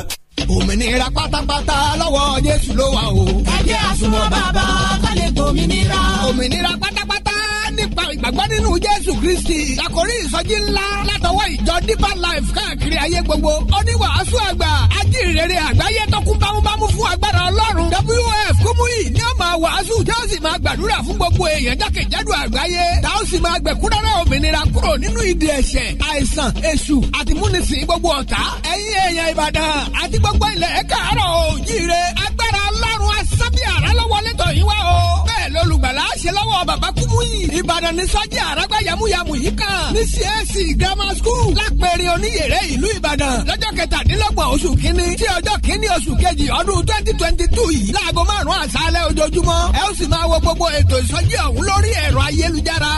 òmìnira pátápátá lọ́wọ́ Jésù ló wà o. ká jẹ́ àsùnwọ̀n bàbá ká lè gbòmìnira. òmìnira pátápátá nípa ìgbàgbọ́ nínú Jésù Kristi. Àkòrí ìsọjí ńlá látọwọ́ ìjọ Deeper Life káàkiri ayé gbogbo. Oníwàásù àgbà ajínrere àgbáyé tó kún bámúbámú fún agbára Ọlọ́run. WF Kúmúyì ni ó máa wàásù tí ó sì máa gbàdúrà fún gbogbo èèyàn jákèjádò àgbáyé. Tá ó sì máa gbẹ̀kúrẹ́rẹ́ òmìnira kúrò nínú ìdè ẹ̀ṣẹ̀, àìsàn, èṣù àti múnisìn gbogbo ọ̀tá. Ẹ̀yin èèyàn Ìbàdàn àti gbogbo ilẹ̀ káàárọ̀ oòjíire agbára Ọlọ́run àṣ sọ́jí àrá ló wọlé tọ̀ yín wá o. bẹ́ẹ̀ lọ́lùgbàlà ṣe lọ́wọ́ bàbá kúmú yìí. ìbàdàn ni sọ́jí àrá yàmúyàmú yìí kan. ní csc e grammar school lápẹ̀rẹ̀ oníyèrè ìlú ìbàdàn. lọ́jọ́ kẹtàdínlọ́gbọ̀n oṣù kínní tí ọjọ́ kínní oṣù kejì ọdún twenty twenty two yìí. láago márùn-ún àṣálẹ́ ojoojúmọ́. ẹ ó sì máa wo gbogbo ètò ìsọjí ọ̀hún lórí ẹ̀rọ ayélujára.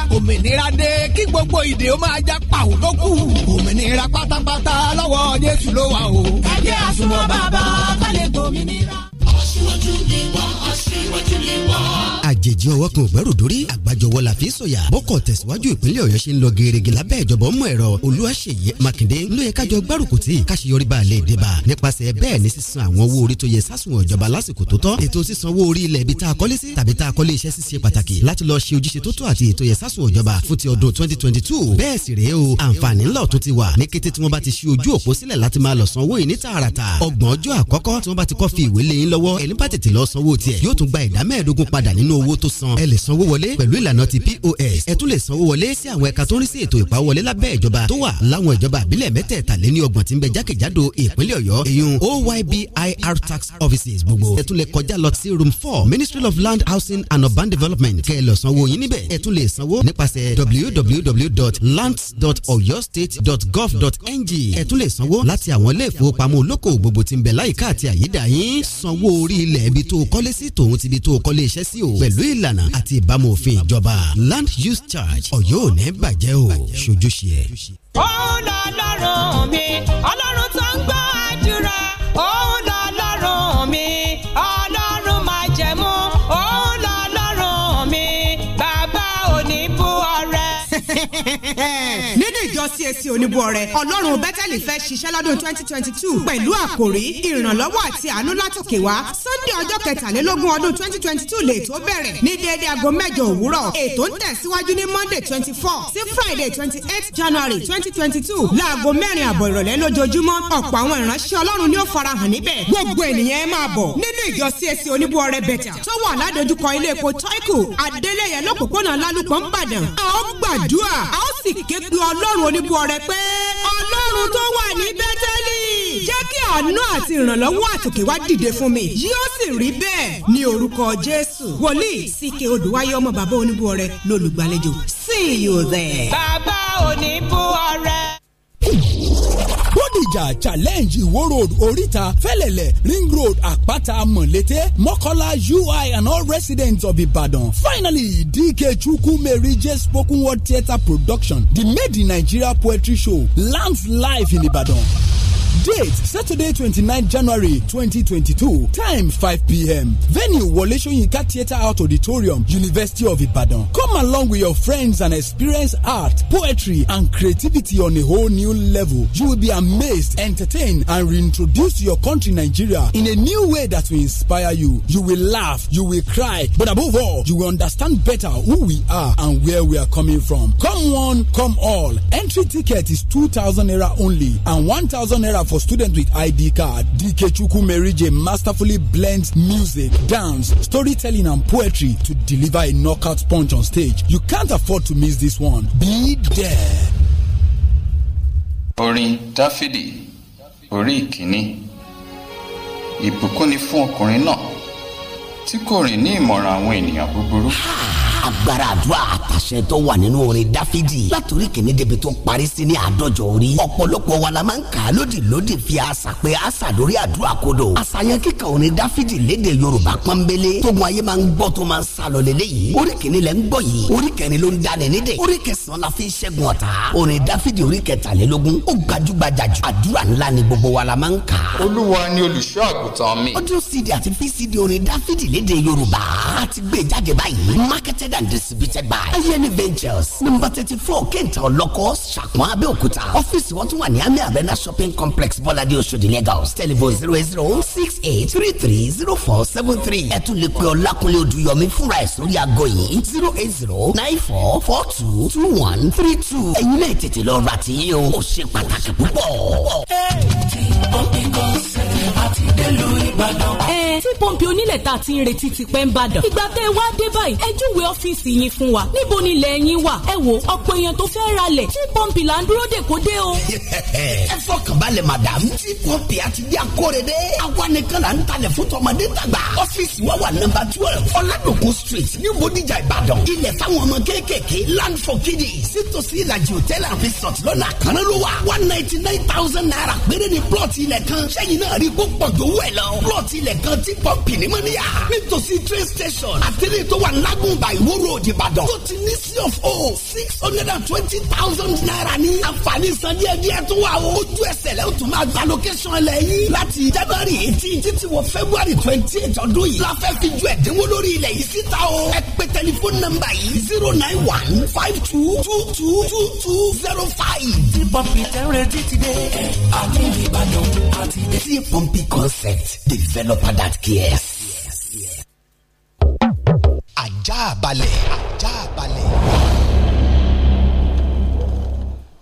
ojú mi wá. àjèjì ọwọ́ kan ògbẹ́rù dórí àgbàjọwọ́ la fi sọ̀yà bọ́kọ̀ tẹ̀síwájú ìpínlẹ̀ ọ̀yọ́ ṣe ń lọ gẹ̀rẹ́gì lábẹ́ ìjọba ọmọ ẹ̀rọ olúwaṣeyẹ mákindé ló yẹ kájọ gbárùkù tí káṣíyọrí bá lè dé bá nípasẹ̀ bẹ́ẹ̀ ni sísan àwọn owó orí tó yẹ sásùn ìjọba lásìkò tó tọ́ ètò sísan owó orí ilẹ̀ ibi tá a kọ́lé sí tàbí tá a kọ́lé iṣẹ́ ṣíṣe pàtàkì láti lọ ṣe ojúṣe tó tó àti ètò yẹ sásùn ìjọba fún ti ọdún twenty bẹ́ẹ̀ sì rèé o àǹfààní ńlọ tó ti wà ní kété tí wọ́n bá ti ṣí ojú òpó sílẹ̀ láti máa lọ sanwó yìí ní tààràtà ọgbọ̀n ọjọ́ àkọ́kọ́ tí wọ́n bá ti kọ́ fi ìwé lé yín lọ́wọ́ ẹni bá tètè lọ sanwó tiẹ̀ yóò tún gba ìdá mẹ́ẹ̀ẹ́dógún padà nínú owó tó san ẹ lè sanwó wọlé pẹ̀lú ìlànà ti POS ẹ tún lè sanwó wọlé sí àwọn ẹ̀ka tó ń rí sí ètò ìpawọlé lábẹ́ ìjọba tó wà láwọn ìjọba àbílẹ̀ mẹ́tẹ̀ẹ̀tàléní ọgbọ̀n tí ń bẹ jákèjádò ìpínlẹ̀ Ọ̀yọ́ èyun OYBIR tax offices gbogbo ẹ tún lè kọjá lọ sí room four Ministry of Land Housing and Urban Development kẹ́ ẹ lọ sanwó yín níbẹ̀ ẹ tún lè sanwó nípasẹ̀ www.lands.oyostate.gov.ng ẹ tún lè sanwó láti àwọn ilé ìfowópamọ́ olóko gbogbo tí ń bẹ láyìíká àti àyídà yín sanwó orí ilẹ̀ ibi tó kọ́lé sí tòun ti bi tó kọ́lé iṣẹ́ sí o pẹ̀lú ìlànà àti ìbámu òfin ìjọba land use charge ọ̀yọ́ ò ní bàjẹ́ o ṣojúṣe ẹ̀. ó lọ lọ́rùn mi. CAC oníbọ̀rẹ̀ ọlọ́run bẹ́tẹ̀lì fẹ́ ṣiṣẹ́ lọ́dún twenty twenty two pẹ̀lú àkòrí ìrànlọ́wọ́ àti àánú látòkè wá sunday ọjọ́ kẹtàlélógún ọdún twenty twenty two lè tó bẹ̀rẹ̀ ní déédéé aago mẹ́jọ òwúrọ̀ ètò ń tẹ̀síwájú ní monday twenty four sí friday twenty eight january twenty twenty two láago mẹ́rin àbọ̀ ìrọ̀lẹ́ lójoojúmọ́ ọ̀pọ̀ àwọn ìránṣẹ́ ọlọ́run ni ó farahàn níbẹ̀ gbogbo ènìyàn ẹ máa bọ̀ nínú ìjọ CAC oníbọ̀rẹ̀ bẹ̀tà tó wà ládojúkọ ilé epo tọ́íkù adélẹ́yẹ lọ́pọ̀pọ̀nà lálùpọ̀ ń bàdàn a ó gbàdúrà a ó sì ké pe ọlọ́run oníb ọ̀rẹ́ pé ọlọ́run tó wà ní bẹ́tẹ́lì jẹ́ kí àánú àti ìrànlọ́wọ́ àtòkè wá dìde fún mi yóò sì rí bẹ́ẹ̀ ní orúkọ jésù wòlíì síkè olùwáyé ọmọ bàbá oníbú ọrẹ lólùgbàlejò see you there. bàbá oníbú ọrẹ bódìjà challenge ìwó road oríta fẹlẹlẹ ring road àpáta mọ̀lété mọ́kọ́lá ui and all residents of ibadan finally dk chukwumeri j spoken word theatre production the made in nigeria poetry show lands live in ibadan. Date Saturday 29 January 2022. Time 5 p.m. Venue Wole Soyinka Theatre Art Auditorium, University of Ibadan. Come along with your friends and experience art, poetry, and creativity on a whole new level. You will be amazed, entertained, and reintroduced to your country, Nigeria, in a new way that will inspire you. You will laugh, you will cry, but above all, you will understand better who we are and where we are coming from. Come one, come all. Entry ticket is 2,000 naira only and 1,000 naira for students with ID card. DK Chukwu Mary masterfully blends music, dance, storytelling, and poetry to deliver a knockout punch on stage. You can't afford to miss this one. Be there. Orin Dáfídì orí kini. ìbùkún ni fún ọkùnrin náà tí kò ni ní ìmọ̀ràn àwọn ènìyàn agbára àdúrà àtàṣẹ tó wà nínú orin dáfídì látòrí kìíní débi tó parí sí ní àádọ́jọ orí ọ̀pọ̀lọpọ̀ wa la máa ń kà á lódì lódì fi àṣà pé àṣà lórí àdúrà kodò àṣàyàn kíkà orin dáfídì léde yorùbá pọ́nbélé tógun ayé máa ń gbọ́ tó máa ń sálọ lélẹ́yìí orí kìíní lẹ́ ń gbọ́ yìí orí kẹrin ló ń dalẹ̀ nídẹ̀ orí kẹsàn-án la fi ń ṣẹ́gun ọ̀tá orin dáfídì orí kẹtàlélógún ó gbajúgbajà jù àdúrà ńlá ni gbogbo wa la máa ń kà á. olúwa ni olùṣọ́ àgùntàn mi. ọdún cd àti pcd orin dáfídì léde yorùbá a gbé e jáde báyìí marketed distributed and distributed by ayeni e ventures number thirty four kenta ọlọ́kọ̀ ṣàpọ̀n abẹ́òkúta ọ́fíìsì wọn tún wà ní ami arena shopping complex bọ́ládé oṣòdì lagos telephone zero eight zero six eight three three zero four seven three ẹ tún lè pe ọlákùnlé odùyọmí fúnra ẹ̀ sórí aago yìí zero eight zero nine four four two two one three two ẹ̀yin náà tètè lọ ra tiyín o ó ṣe pàtàkì púpọ̀. tí pọ́ǹpì kan ṣẹlẹ̀ àti délù ìbàdàn. ẹ tí pọ́ǹpì onílẹ̀ ta ti ń retí ti pẹ́ ń bàdàn ìgbà tẹ́ wá dé báyìí ẹ júwe ọ́f ọ́fíìsì yín fún wa níbo ni ilẹ̀ yín wà ẹ wo ọ̀pọ̀ èèyàn tó fẹ́ ra lẹ̀ tí pọ́ǹpì là ń dúró dè kó dé o. ẹ fọkàn balẹ̀ madam tí pọ́ǹpì àti bí akóredé àwa nìkan là ń talẹ̀ fún tọmọdé tàgbà ọ́fíìsì wa wà nọ́mbà twelve ọ̀làdòkò street ní bodijà ìbàdàn ilẹ̀ fáwọn ọmọ kéékèèké land for kiddies sítòsí ìlàjì hotel and resort lọ́nà àkànná wa one ninety nine thousand naira péré ni plot ilẹ̀ kan sẹ́yìn náà rí kó pọ̀ plot ilẹ̀ kan tí pọ́ǹpì ní train station àtẹ̀lé tó wà lágùnbà ìwọ Ìwó Road Ìbàdàn tó ti ní sí of o six hundred and twenty thousand naira ní àǹfààní san díẹ̀ díẹ̀ tó wà o ojú ẹsẹ̀ lẹ́yìn tó máa gba location ẹlẹ́ yìí láti January eighteen títí wọ February twenty eight ọdún yìí la fẹ́ fi ju ẹ̀dínwó lórí ilẹ̀ yìí síta o ẹ pè tẹlifóònù nọ́mbà yìí zero nine one five two two two two two zero five. tí pọ́ǹpì tẹ́rẹ̀ jí ti dé àti Ìbàdàn àti dé. tí pọ́ǹpì concept developer that cares ajá balẹ̀. ajá balẹ̀.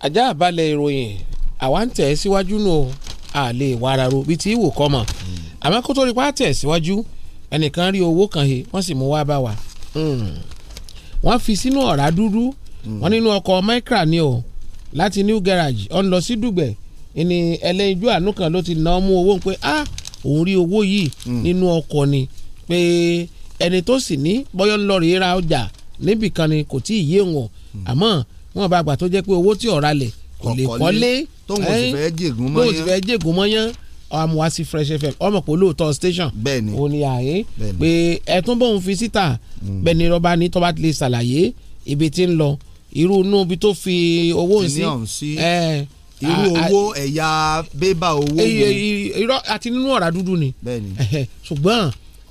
ajá balẹ̀ ìròyìn àwa ń tẹ̀ síwájú nù o a lè wàrà ro bíi ti ìwò kọ́ mọ̀ hmm. àmọ́ kó tó rí pa tẹ̀ síwájú ẹnìkan rí owó kan he wọ́n sì mú wá bá wa hmm. wọ́n fi sínú ọ̀rá dúdú hmm. wọ́n nínú ọkọ̀ micra ni o láti new garage ọ̀n lọ sí dùgbẹ̀ ẹni ẹlẹ́yinjú àánú kan ló ti ná mú owó pé a ah, òun rí owó yìí nínú ọkọ̀ ni pé. Mm ẹni tó sì ní bọ́yọ́ ń lọ rèé ra ọjà níbì kan ni kò tí ì yé wọn hmm. àmọ́ wọn bá gbà tó jẹ́ pé owó tí ọ̀ra lẹ̀ kò lè kọ́lé tóun sì fẹ́ jègùn mọ́yán amuwasi fresh fm ọmọ pọ̀ lóòótọ́ station bẹ́ẹ̀ni òní àyè pé ẹ̀tún bóun fi síta hmm. bẹ́ẹ̀ni rọ́bà ní tọ́ba lè ṣàlàyé ibi tí ń lọ irú inú ibi tó fi owó ń sí irú owó ẹ̀yà bébà owó mi. irọ́ àti nínú ọ̀rá dúdú ni ṣùgbọ́n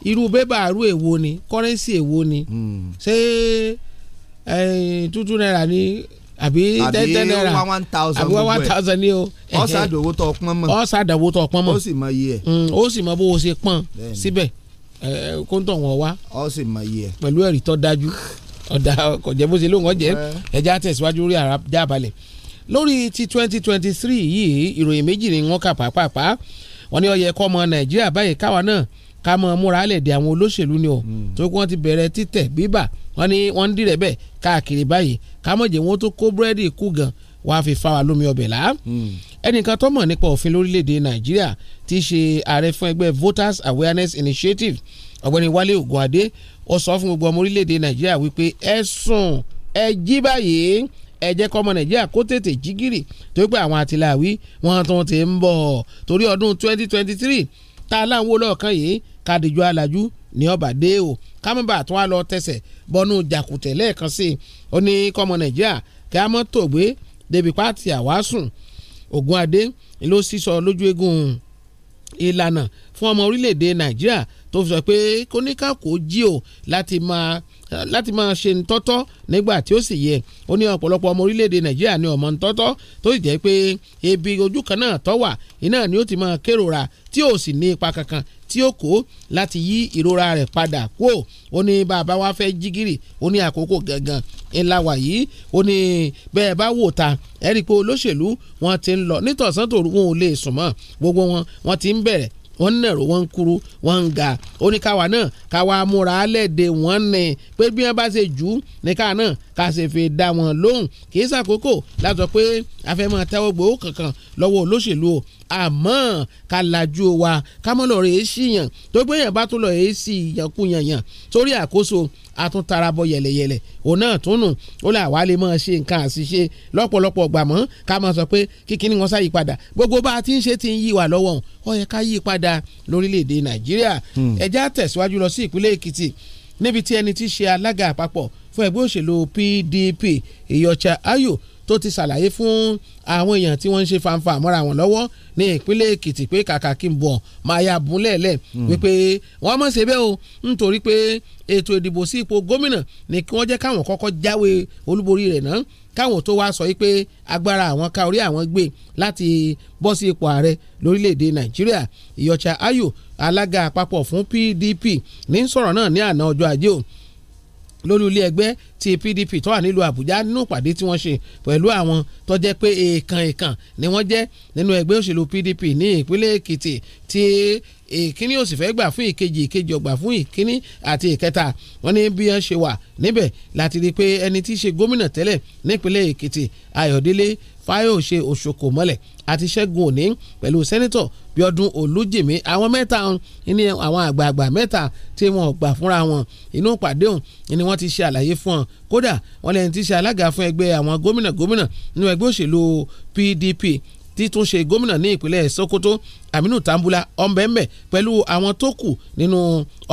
irú bébà àrú èwo ni kọ́rẹ́nsì èwo ni hmm. ṣé eh, tútù náírà ni àbí tẹ́tẹ́ náírà àbí one thousand àbí one thousand ni o. ọ̀sàdàwó tó pọ́n mọ̀ ọ̀sàdàwó tó pọ́n mọ̀ ó sì mọ iye ẹ̀. Hmm, ó sì mọ bó o ṣe pọ́n síbẹ̀ eh, kóńtọ̀ wọn wá. ó sì mọ iye ẹ̀. pẹ̀lú ẹ̀rí tó dájú ọ̀dà kọ̀jẹ́ bó ṣe lóun ọ̀jẹ́ ẹ̀já tẹ̀síwájú lórí àràjá balẹ̀ lórí ti twenty twenty three yìí ìròyìn méjì ni wọ́n kà pàápàá wọ́n ní ó yẹ kọ́ ọmọ Nàìjíríà báyìí káwa náà ká mọ̀ múra lẹ̀dẹ̀ àwọn olóṣèlú ni o hmm. tó kí wọ́n ti bẹ̀rẹ̀ títẹ̀ bíbà wọ́n ní wọ́n ń dìrẹ̀ bẹ́ẹ̀ káàkiri báyìí ká mọ̀ jẹ́ wọ́n tó kó búrẹ́dì kú gan wọ́n fi fa wa lómi ọbẹ̀ là. Hmm. ẹnìkan tó mọ̀ nípa òfin lórílẹ̀‐èdè nàìjíríà ti ṣe ààrẹ fún ẹgbẹ́ voters awareness initiative ọ̀gbẹ́ni wálé ògùnadé ó sọ fún gbogbo ọmọ orílẹ̀‐èdè nàìjíríà wípé ẹ sùn ẹ jí báyìí ẹ jẹ́ kọ́mọ nàìjíríà kó tètè jí gìrì tó pé àwọn àtìláwí wọn tó ti ń bọ̀ torí ọdún 2023 tá a láwọn olóòkan yìí kàdìjọ alájú ní ọba dé o kámẹ́bà tó wá lọ tẹsẹ̀ bọ́nú jàkùtẹ̀ lẹ́ẹ̀kan sí i ó ní kọ́mọ nàìjíríà kí a mọ́ tògbé débi pàtì àwásùn ògùn adé ló sísọ lójú eégún ìlànà fún ọmọ orílẹ̀-èdè nàìjíríà tó fi sọ pé kóníkàkó jí o láti máa láti máa ṣe ntọ́tọ́ nígbà tí ó sì yẹ ó ní ọ̀pọ̀lọpọ̀ ọmọ orílẹ̀-èdè nàìjíríà ní ọmọ ntọ́tọ́ tó sì jẹ́ pé ebi ojú kan náà tó wà iná ni ó ti máa kérora tí ò sì ní ipa kankan tí ó kó láti yí ìrora rẹ̀ padà kúò ó ní bàbá wa fẹ́ jígìrì ó ní àkókò gangan ńlá wà yìí ó ní bẹ́ẹ̀ bá wò ta ẹ pé olóṣèlú wọn ti ń lọ nítọ̀sán tòru ò lè sùn mọ́ gbogbo wọn wọn ti ń bẹ̀rẹ̀ wọ́n ń nàró wọ́n ń kúrú wọ́n ń ga oníkàwá náà káwa múra lẹ́ẹ̀dẹ̀ wọ́n ní pé bí wọ́n bá ṣe jù ú níkà náà ká ṣe fi dá wọn lóhùn kì í ṣàkókò látọ̀ pé afẹ́mọ́ tẹ́wọ́ gbòó kankan lọ́wọ́ olóṣèlú o àmọ́ ká lajú wa ká mọ́ lọ́ọ́ rẹ̀ é síyàn tó gbé yàn bá tún lọ́ọ́ rẹ̀ é sí yànkúyànyàn torí àkóso àtúntarabọ yẹlẹyẹlẹ òun náà tún nù ó là wá lè mọ ṣe nǹkan àṣìṣe lọ́pọ̀lọpọ̀ gbàmọ́ ká mọ̀ sọ pé kíkíní wọn sáyí padà gbogbo bá a ti ń ṣe ti ń yí wa lọ́wọ́ ó yẹ ká yí padà lórílẹ̀ nàìjíríà hmm. ẹ̀já tẹ̀síwájú lọ sí ìpínlẹ̀ èkìtì níbi tí ẹni tí ṣe alága àpapọ̀ fún ẹgbẹ́ òṣèlú PDP Ìyọ̀chà Ayọ̀ tó ti ṣàlàyé fún àwọn èèyàn tí wọ́n ń ṣe fanfa àmọ́ra wọn lọ́wọ́ ní ìpínlẹ̀ Èkìtì pé kàkà kí n bọ̀ máa ya bùn lẹ́ẹ̀lẹ́ hmm. wípé wọ́n mọ̀ ṣe bẹ́ẹ̀ o nítorí pé ètò ìdìbò sí ipò gómìnà ni kí wọ́n jẹ́ káwọn kọ́kọ́ jáwé olúborí rẹ̀ náà káwọn tó wá sọ yìí pé agbára àwọn ká orí àwọn gbé láti bọ́ sí ipò ààrẹ lórílẹ̀‐èdè Nàìjíríà Ìyọ̀chà Ayọ̀ alága àpapọ̀ fún PDP ní sọ̀rọ̀ náà ní àná ọjọ́ ajé òun lórí ilé ẹgbẹ́ ti PDP tó wà nílùú Àbújá nínú ìpàdé tí wọ́n ṣe pẹ̀lú àwọn tó jẹ́ pé èèkàn èèkàn ni wọ́n jẹ́ nínú ẹgbẹ́ òṣèlú PDP ní ìpínlẹ̀ Èkìtì tí ìkíní ò sì fẹ́ gbà fún ìkejì ìkejì ọ̀gbà fún ìkíní àti ìkẹta wọ́n ní bí wọ́n ṣe wà níbẹ̀ láti rí i pé ẹni tí í ṣe gómìnà tẹ́lẹ̀ nípínlẹ̀ Èkìtì Ayọ̀délé Fáyọ̀ṣe Òṣòkò mọ́lẹ̀ àti Ṣẹ́gun Òní pẹ̀lú sẹ́nitọ̀ Bíọ́dún Olújìmí àwọn mẹ́ta ní àwọn àgbààgbà mẹ́ta tí wọ́n gbà fúnra wọn inú pàdé òun ni wọ́n ti ṣe àlàyé fún ọ kódà wọ́n lẹ́yìn ti ṣe alága fún ẹgbẹ́ àwọn gómìnà gómìnà nínú ẹgbẹ́ òṣèlú PDP tí tún ṣe gómìnà ní ìpínlẹ̀ Sokoto Aminu Tambula ọ̀nbẹ̀ẹ̀mẹ̀ pẹ̀lú àwọn tó kù nínú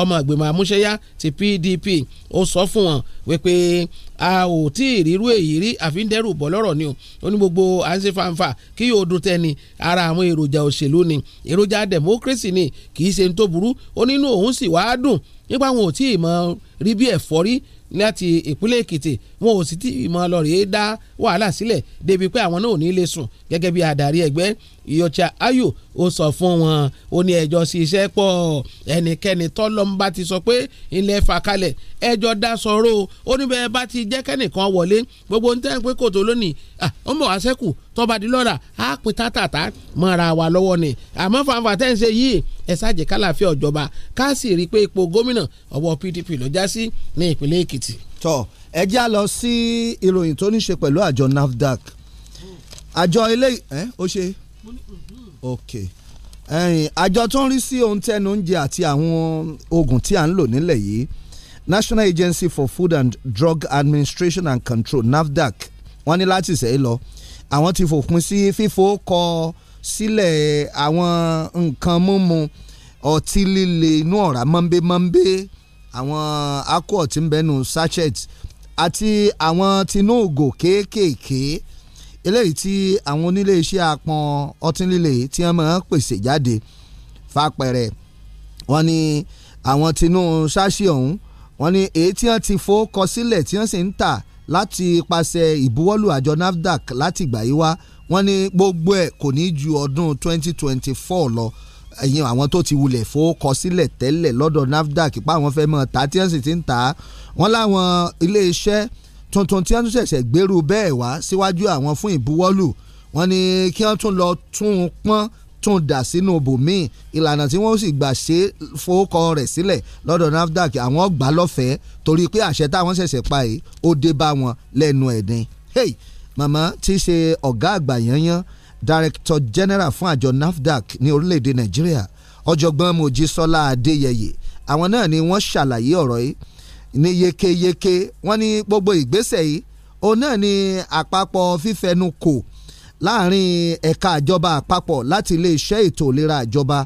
ọmọ ìgbìmọ̀ àmúṣẹ́yá ti PDP ó sọ fún wọn wípé a ò tí ì rírú èyí rí àfi ń dẹ́rù bọ́ lọ́rọ̀ ni o ó ní gbogbo à ń ṣe fanfa kí yóò dún tẹ́ni ara àwọn èròjà òṣèlú ni èròjà democracy ni kì í ṣe ń tó burú ó nínú òun sì wá dùn nípa àwọn ò tí ì mọ rí bí ẹ̀fọ́rí láti ìpínlẹ̀ èkìtì wọn ò sì tí ì mọ lọ rèé dá wàhálà sílẹ̀ débi pé àwọn náà ò ní lè sùn gẹ́gẹ́ bí adarí ẹgbẹ́ ìyọ̀chà ayò ó sọ fún wọn ó ní ẹjọ́ sí iṣẹ́ pọ̀ ẹnikẹ́ni tọ́lọ́mbà ti sọ pé ilẹ̀ fàkalẹ̀ ẹjọ́ dá sọ̀rọ̀ ó níbẹ̀ bá ti jẹ́kẹ́nìkan wọlé gbogbo ń tẹ́ pé kòtò lónìí ó mọ̀ wá sẹ́kù tọ́ba di lọ́la á pin tátàtà mọ́ra wa lọ́wọ́ ni àmọ́ fanfa tẹ́ ń ṣe yìí ẹ̀ ṣáàjẹ́ kálàfẹ́ ọ̀jọba ká sì rí i pé ipò gómìnà ọwọ́ PDP lọ́jà sí ní ìpínlẹ̀ Èkìtì. tọ ẹ já lọ sí ìròyìn tó ní ṣe pẹ̀lú àjọ NAFDAC àjọ ilé ẹ ó ṣe ok àjọ tó ń rí sí ohun tẹnu oúnjẹ àti àwọn oògùn tí à ń lò nílẹ̀ yìí National Agency for Food and Drug Administration and Control NAFDAC wọ́n ní láti sẹ́yìn lọ àwọn ti fòpin sí fífò kọ sílẹ̀ àwọn nǹkan mímu ọtí líle inú ọ̀rá mọ́ńbémọ́ńbé àwọn akọ ọtí ń bẹnu sachet àti àwọn tinú ògò kéékèèké eléyìí tí àwọn onílé iṣẹ́ apọn ọtí líle tí wọ́n máa ń pèsè jáde fapẹ̀rẹ̀ wọ́n ní àwọn tinú sáṣì ọ̀hún wọ́n ní èyí tí wọ́n ti fowó kọ sílẹ̀ tí wọ́n sì ń tà láti ipasẹ̀ ìbuwọ́lù àjọ NAFDAC láti ìgbà yìí wá wọ́n ní gbogbo ẹ̀ kò ní ju ọdún 2024 lọ ẹ̀yin àwọn tó ti wulẹ̀ fowókọ sílẹ̀ tẹ́lẹ̀ lọ́dọ̀ NAFDAC pa àwọn fẹ́ mọ̀ ta tí wọ́n sì ti ń ta wọ́n láwọn iléeṣẹ́ tuntun tí wọ́n ṣẹ̀ṣẹ̀ gbèrú bẹ́ẹ̀ wá síwájú àwọn fún ìbuwọ́lù wọ́n ní kí wọ́n tún lọ tún un pọ́n tún dà sínú bòmíì ìlànà tí wọ́n sì gbà ṣe fowókọ rẹ̀ sílẹ̀ lọ́dọ̀ NAFDAC àwọn gbà lọ́fẹ̀ẹ́ torí pé àṣẹ táwọn ṣẹ̀ṣẹ̀ pa yìí ó dé bá wọn lẹ́nu ẹ̀dín hey màmá tí í ṣe ọ̀gá àgbà yanyan director general fún àjọ NAFDAC ní orílẹ̀-èdè Nàìjíríà ọ̀jọ̀gbọ́n Mojísọ́lá Adéyẹyẹ àwọn náà ni wọ́n ṣàlàyé ọ̀rọ̀ yìí ní yékéyéké wọ́n ní gbogbo ìgbésẹ̀ yìí òun náà ni àpapọ̀ fífẹnukò láàrin ẹ̀ka àjọba àpapọ̀ láti iléeṣẹ́ ètò ìlera àjọba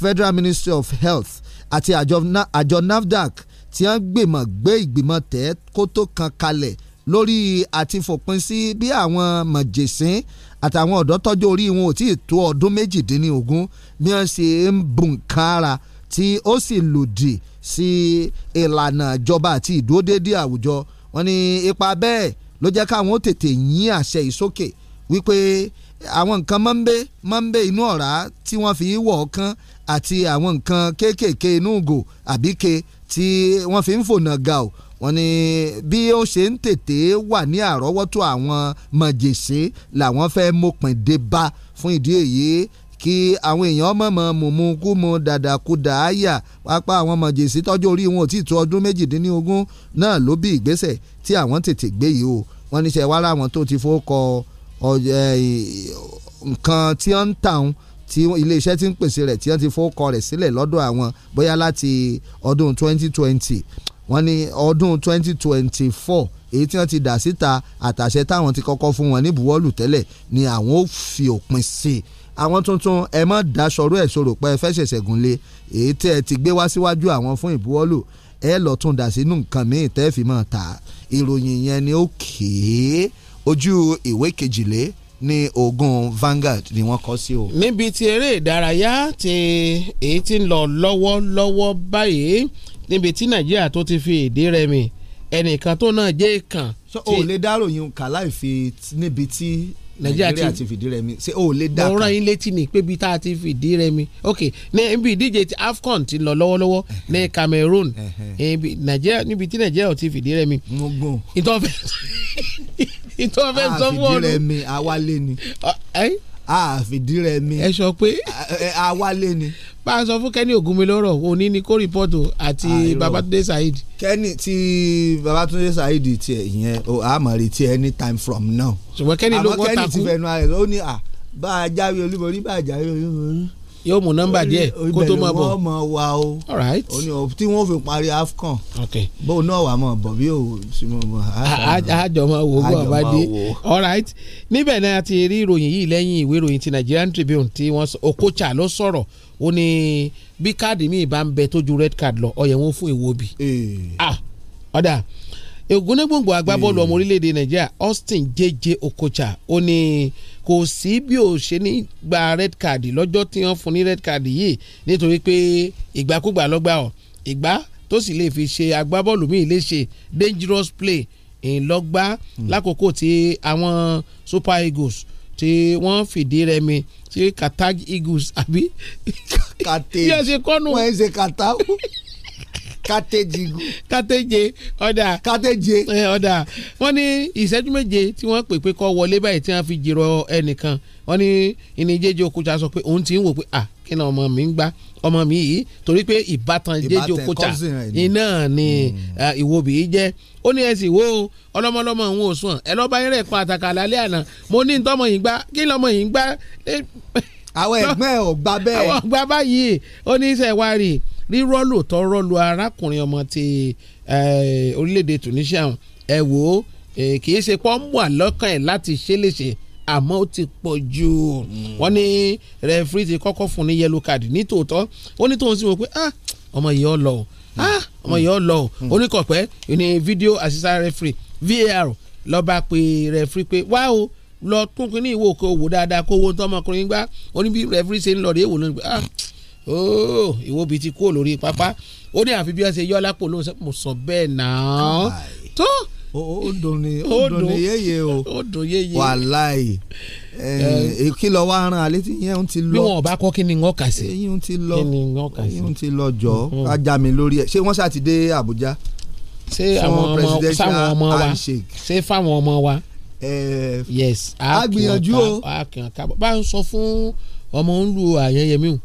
Federal Ministry of Health àti àjọ NAFDAC tí wọ́n gbìmọ̀ gbé ìgbìmọ̀ tẹ́ kó tó kan kalẹ̀ lórí àti fòpin sí bí àwọn mọ̀jẹ̀sín àtàwọn ọ̀dọ́ tọ́jú orí wọn ò tí ì tó ọdún méjìdínlógún bí wọ́n ṣe ń bùn kan ara tí ó sì lòdì sí ìlànà ìjọba àti ìdúródédé àwùjọ wọn ní ipa bẹ́ẹ̀ ló jẹ́ káwọn ó tètè yín àṣẹ ìsókè wípé àwọn nǹkan mọ́ńbé mọ́ńbé inú ọ̀rá tí wọ́n fi wọ̀ kán àti àwọn nǹkan kéékèèké inú ìgò àbíke tí wọ́n fi ń fònà ga ò wọ́n ní bí ó ṣe ń tètè wà ní àrọ́wọ́tó àwọn mọ̀jèṣe làwọn fẹ́ mọ̀pìn dé bá fún ìdí èyí kí àwọn èèyàn mọ̀mọ́ mùmú kú mu dàdàkúdà àyà pápá àwọn mọ̀jèṣe tọ́jú orí wọn ò tí ì tó ọdún méjìdínlógún náà ló bí ìgbésẹ̀ tí àwọn tètè gbé yìí o wọ́n níṣẹ́ wàrà àwọn tó ti fọ́ kọ́ ọ nǹkan tí wọ́n ń tà ń tí iléeṣẹ́ ti ń pèsè rẹ̀ tí wọ́n ti fowó kọ rẹ̀ sílẹ̀ lọ́dọ̀ àwọn bóyá láti ọdún 2020 wọ́n ní ọdún 2024 èyí tí wọ́n ti dà síta àtàṣẹ táwọn ti kọ́kọ́ fún wọn ní buwọ́lù tẹ́lẹ̀ ni àwọn ò fi òpin sí i àwọn tuntun ẹ má daṣọrú ẹ̀ sọ̀rọ̀ pé ẹ fẹ́ ṣẹ̀ṣẹ̀ gúnlé èyí tẹ́ ẹ ti gbé wá síwájú àwọn fún ìbuwọ́lù ẹ lọ́ọ́ tún dà sínú nǹkan míì tẹ́ fi máa ta ìròyìn yẹn ni ó kéé. Okay ojú ìwé kejìlé ní ogun Vanguard ni wọ́n kọ sí o. níbi tí eré ìdárayá ti èyí tí ń lọ lọ́wọ́lọ́wọ́ báyìí níbi tí Nàìjíríà tó ti fi èdè rẹ̀ mi ẹnìkan tó náà jẹ́ ìkàn. sọ o lè dárò yín kà láì fi níbi tí nàìjíríà ti fìdí rẹmi ṣé o lè dà kan. mo rán yín létí ní pé bíi tá a ti fìdí rẹmi ok níbi ìdíje ti AFCON ti lọ lọ́wọ́lọ́wọ́ ní Cameroon níbi tí nàìjíríà ti fìdí rẹmi. mo gbọ́n. ìtọ́fẹ́ ìtọ́ fẹ́ ah, sọ fún ọdún. àfìdírẹ́ mi awálé ni. àfìdírẹ́ ah, ah, mi. ẹ sọ pé. awálé ni. bá a sọ fún kẹ́ni ògúnmilọ́rọ̀ òní ni kó rìpọ́tù àti babatunde saheed. kẹ́ni ti babatunde saheed tiẹ̀ ìyẹn a máa retí anytime from now. ṣùgbọ́n kẹ́ni ló wọ́n takú. àmọ́ kẹ́ni ti fẹnu ara rẹ̀ ó ní à bá a jáwé olúborí bá a jáwé olúborí yóò mú nọ́mbà díẹ̀ kó tó máa bọ̀. ibẹ̀ ni wọ́n o. all right. tí wọ́n fi parí afcon. bóun náà wà mọ̀ bọ̀ o sì mọ̀ mọ̀. àjọ máa wo bó ọba dé all níbẹ̀ náà ti rí ìròyìn yìí lẹ́yìn ìwé ìròyìn ti Nigerian Tribune tí wọ́n Okocha ló sọ̀rọ̀ ó ní bí káàdì míì bá ń bẹ tó ju red card lọ ọ̀yẹ̀ fún èwo ah, ọ̀dà. Eh. Ah, ògúnnégbòǹgbò agbábọ́ọ̀lù ọmọ hmm. orílẹ̀-èdè nàìjíríà austin jẹ́jẹ́ okocha ó ní kò sí bí ó ṣe ní gba red card lọ́jọ́ tí wọ́n fún ní red card yìí nítorí pé ìgbàkúgbà lọ́gbà ọ̀ ìgbà tó sì lè fi ṣe agbábọ́ọ̀lù míì lè ṣe dangerous play ńlọgbà hmm. lákòókò tí àwọn super eagles tí wọ́n fìdí rẹmi tí carthage eagles àbí. kàtẹ́ wọ́n ẹ̀ ṣe kàtà kátẹ́jì. kátẹ́jì ọ̀dà. kátẹ́jì. ọ̀dà wọ́n ní ìṣẹ́jú méje tí wọ́n pè pé kọ́ wọlé báyìí tí wọ́n fi jìrọ̀ ẹnìkan wọ́n ní ìníjẹ́jì òkúta sọ pé òun ti ń wò pé à kí ni ọmọ mi ń gbá ọmọ mi yìí torí pé ìbátan jẹ́jì òkúta iná ni hmm. ìwòbí jẹ́ ó ní ẹ̀sìn wo ọlọ́mọlọ́mọ òun ò sùn ẹ̀ lọ́ba yẹn rẹ̀ kan àtàkà lálẹ́ àná mo ní ntọ́mọ yìí gbá kí lọ́mọ yìí gbá àwọn ẹ̀gbọ́n ẹ̀ ò gbà bẹ́ẹ̀. àwọn ọgbà báyìí ó ní sẹ́ wá rí rírọ́lù tó rọ́lù arákùnrin ọmọ ti orílẹ̀-èdè Tunisia ẹ̀ wò ó kì í ṣe pọ́ ń wà lọ́kàn ẹ̀ láti ṣe léṣe àmọ́ ó ti pọ̀ jù hmm. wọ́n ní rẹ́fírí ti kọ́kọ́ fún ní yẹlò káàdì ní tòótọ́ ó ní tóun sì wò pé ah, ọmọ yìí ọ lọ hmm. ah, ọmọ yìí ọ lọ oníkọ̀pẹ́ hmm. ní fídíò àṣìṣà rẹ́fírí VAR lọ́ba pé rẹ́fírí pé wá o lọ tún kínní ìwò òkè òwò dáadáa kó owó tọmọkùnrin gbá oníbí rẹfúrí ṣe ń lọ rèé wò lónìí ah ooo oh, ìwò bíi ti kúrò lórí pápá ó ní àfi bí wọ́n ṣe yọ lápò ló ń sọ bẹ́ẹ̀ náà tó ó dùn ní ó dùn ní yéye o ó dùn yéye wàláì kí lọ wá ran àlétí yẹn ń ti lọ bí wọn ò bá kọ kí ni wọn kà sí yín ń ti lọ yín ń ti lọ jọ ajá mm-hmm. mi lórí ẹ ṣé wọn ṣàtidé Àbújá ṣé àwọn ọmọ ṣáwọn ọmọ wa ṣé fáwọn ọmọ wa yes a gbìyànjú o a kàn kábọ̀ bá ń sọ fún ọmọ ń lu àyẹ̀yẹ̀mí o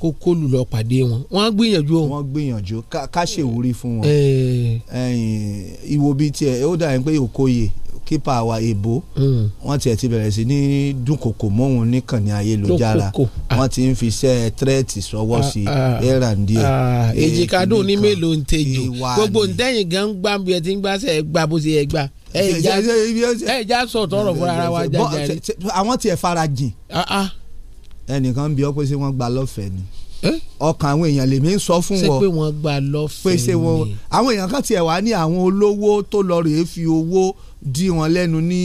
kó kó lù lọ pàdé wọn wọ́n gbìyànjú o. wọ́n gbìyànjú ká ṣèwúrí fún wọn eh. ìwò bíi tiẹ̀ ó dà yín pé òkòyè kípa àwa èbó hmm. wọ́n tiẹ̀ ti bẹ̀rẹ̀ sí ní dúnkòkò mọ́hun níkànnì ayélujára ah. wọ́n ti ń fi iṣẹ́ tírẹ́ẹ̀tì sọ́wọ́ sí ẹ̀ràndíẹ̀. Ah, ah. èjìká dùn ní mélòó ń tejò gbogbo ntẹ́yìn gan gbàmbíẹ̀ tí ń gbàṣẹ́ gbà bó ṣe yẹ gbà ẹ já sọ tọrọ fún ara wa jájà rí. àwọn tiẹ̀ fara jìn ah, ah. ẹnìkan bí ọ pé ṣé wọ́n gba lọ́fẹ̀ẹ́ ni ọkàn àwọn èèyàn lèmi ń sọ fún wọn pé wọ́n gba lọ́fẹ̀ẹ́ ni àwọn èèyàn kan tiẹ̀ wá ní àwọn olówó tó lọ rèé fi owó dí wọn lẹ́nu ní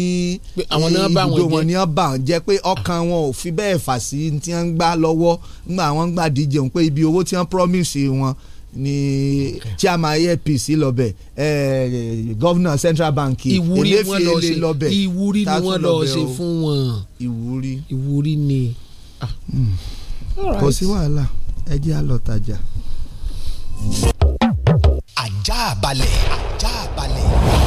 ibùdó wọn ní ọba àwọn jẹ́ pé ọkàn wọn ò fi bẹ́ẹ̀ fà sí tí wọ́n ń gbá lọ́wọ́ nígbà wọ́n ń gbà díje òun pé ibi owó tí wọ́n promise wọn ni chairman airpeace lọ́bẹ̀ gọ́vnà central bank emefiele lọ́bẹ̀ ìwúrí ni wọ́n lọ ṣe fún wọn ìwúrí ìwúrí ni. Ah. Hmm. kò sí wàhálà ẹ jẹ́ àlọ́tajà. ajá balẹ̀ ajá balẹ̀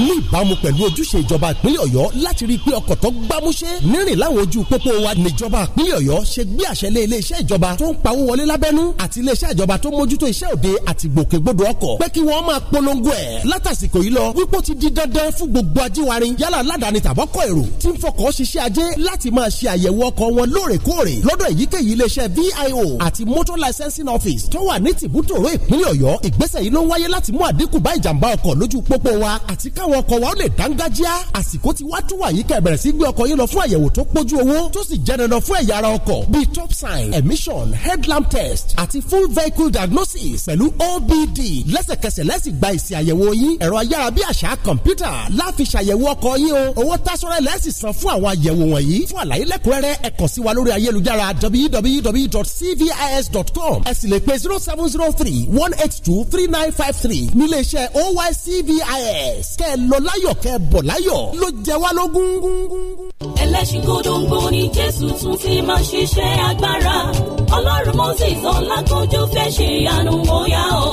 ní ìbámu pẹ̀lú ojúṣe ìjọba ìpínlẹ̀ ọ̀yọ́ láti rí i pé ọkọ̀ tó gbámúṣé nírìn láwọn ojú pópó wa níjọba ìpínlẹ̀ ọ̀yọ́ ṣe gbé àṣẹ lé iléeṣẹ́ ìjọba tó ń pawó wọlé lábẹ́nú àti iléeṣẹ́ ìjọba tó mójútó iṣẹ́ òde àti gbòkègbodò ọkọ̀ pé kí wọ́n máa polongo ẹ̀ látàsìkò yìí lọ wípé ti di dandan fún gbogbo ajíwari yálà aládàáni tàbọ́kọ̀ èrò tí ń fọkọ̀ ṣiṣẹ́ ajé láti máa ṣe àyẹ̀wò ọkọ̀ wọn lóòrèkóòrè lọ́dọ̀ èyíkéyìí iléeṣẹ́ VIO àti motor licensing office tó wà ní tìbútòrò ìpínlẹ̀ ọ̀yọ́ ìgbésẹ̀ yìí ló ń wáyé láti mú àdínkù bá ìjàmbá ọkọ̀ lójú pópó wa àti káwọn káwọn ọkọ̀ wa ó lè dángájíá àsìkò tí wá tún wà yìí kẹ́ bẹ̀rẹ̀ sí gbé ọkọ̀ yín lọ fún àyẹ̀wò tó pójú owó tó sì jẹ́ dandan fún ẹ̀yà ara ọkọ̀ bíi top sign emission headlamp test àti full vehicle diagnosis pẹ̀lú OBD lẹ́sẹ̀kẹsẹ̀ lẹ́sìn gba èsì àyẹ̀wò yín ẹ̀rọ ayára bí àṣá kọ̀mpútà láfi ṣàyẹ̀wò ọkọ̀ yín o owó tásọ̀rọ̀ lẹ́sìn san fún àwọn àyẹ̀wò wọ̀nyí fún àlàyé lẹ́kùnrẹ́rẹ́ ẹ kàn sí wa lórí ayélujára www.cvis.com ẹ sì lè pe zero seven zero three one eight two three nine five three nílé iṣẹ́ oycvis kẹ́ ẹ lọ láyọ̀ kẹ́ bọ̀ láyọ̀ ló jẹ wá lógún. ẹlẹ́sìn gbọdọ̀ngbò ni jésù tún ti máa ṣiṣẹ́ agbára ọlọ́run moses ọ̀làkọ́jọ́ fẹ́ ṣe ìyanu wọ́yà o.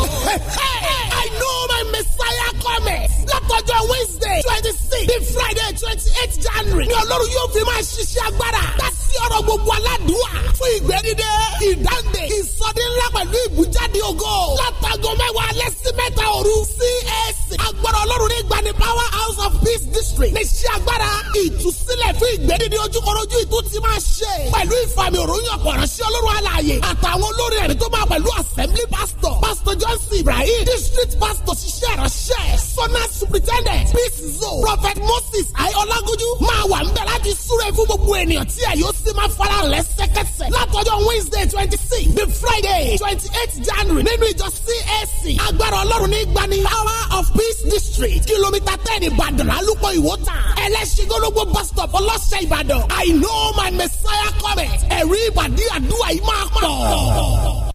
I know my Messiah coming látọjọ́ Wednesday twenty six bíi friday twenty eight january ni ọlọ́run yóò fi máa ṣiṣẹ́ agbára dásí ọ̀rọ̀ gbogbo aládùúwà fún ìgbẹ́dídé ìdáǹdè ìsọdí ńlá pẹ̀lú ìbújáde ògo látago mẹ́wàá lẹ́sìn mẹ́ta òru CAC agbára ọlọ́run ní gbani power house of peace district lè ṣe agbára ìtúsílẹ̀ fún ìgbẹ́dídé ojúkọ̀rọ̀jú ìtú ti máa ṣe pẹ̀lú ìfàmì òròyìn ọ̀pọ̀ ránṣẹ́ ọlọ́run alààyè àtàwọn olórin ẹ̀mí tó máa pẹ̀lú assembly pastor pastor johnson ibrahim district pastor ṣiṣẹ́ ránṣẹ́ sọ́nà superintendent peace zone prophet moses ayọ̀lágójú máa wà ń bẹ̀ láti súre fún gbogbo ènìyàn tí ẹ̀ yóò sì máa fara lẹ́sẹ̀kẹsẹ̀ látọjọ́ wednesday twenty six the friday twenty eight january nínú ìjọ cac agbára ọlọ́run ní gbani power of peace district kìlómítà ten ìbàdàn alúpọ̀ ìwòta ẹlẹ́sìngológbó bus stop ọlọ́sẹ̀ ìbàdàn i know my messiah comment ẹ̀rí ìbàdí àdúrà yìí máa pọ̀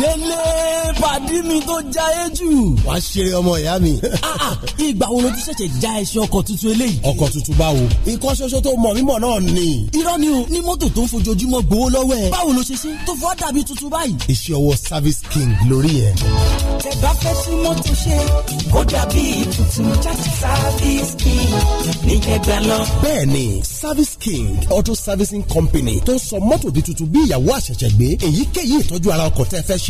délé pàdí mi tó já e jù. wà ṣeré ọmọ ìyá mi. Ah, ah, ìgbà wo ló ti ṣẹ̀ṣẹ̀ já ẹṣin ọkọ̀ tuntun eléyìí. ọkọ̀ tuntun báwo. nǹkan ṣoṣo tó mọ̀ mímọ̀ náà ni. irọ́ ni o ní mọ́tò tó ń fojoojúmọ́ gbowó lọ́wọ́ ẹ̀. báwo ló ṣe ṣe tó fọ́ dàbí tuntun báyìí. iṣẹ́ ọwọ́ service king lórí ẹ̀. tẹ bá fẹ́ sí mọ́tò ṣe kó dàbí tuntun service king auto servicing company tó sọ mọ́tò di tuntun bí ìyàwó àṣẹ̀ṣẹ̀ gbé èyíkéyìí ìtọ́jú ara ọkọ̀ tẹ́ fẹ́ ṣe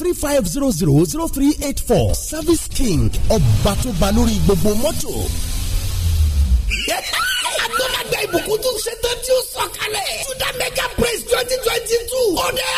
three five zero zero zero three eight four service king ọba tó ba lórí gbogbo mọ́tò agbẹ́magbẹ́ ìbùkún tún ṣe tó tí ó sọ̀kalẹ̀. Suda mega praise twenty twenty two. Ó dẹ́.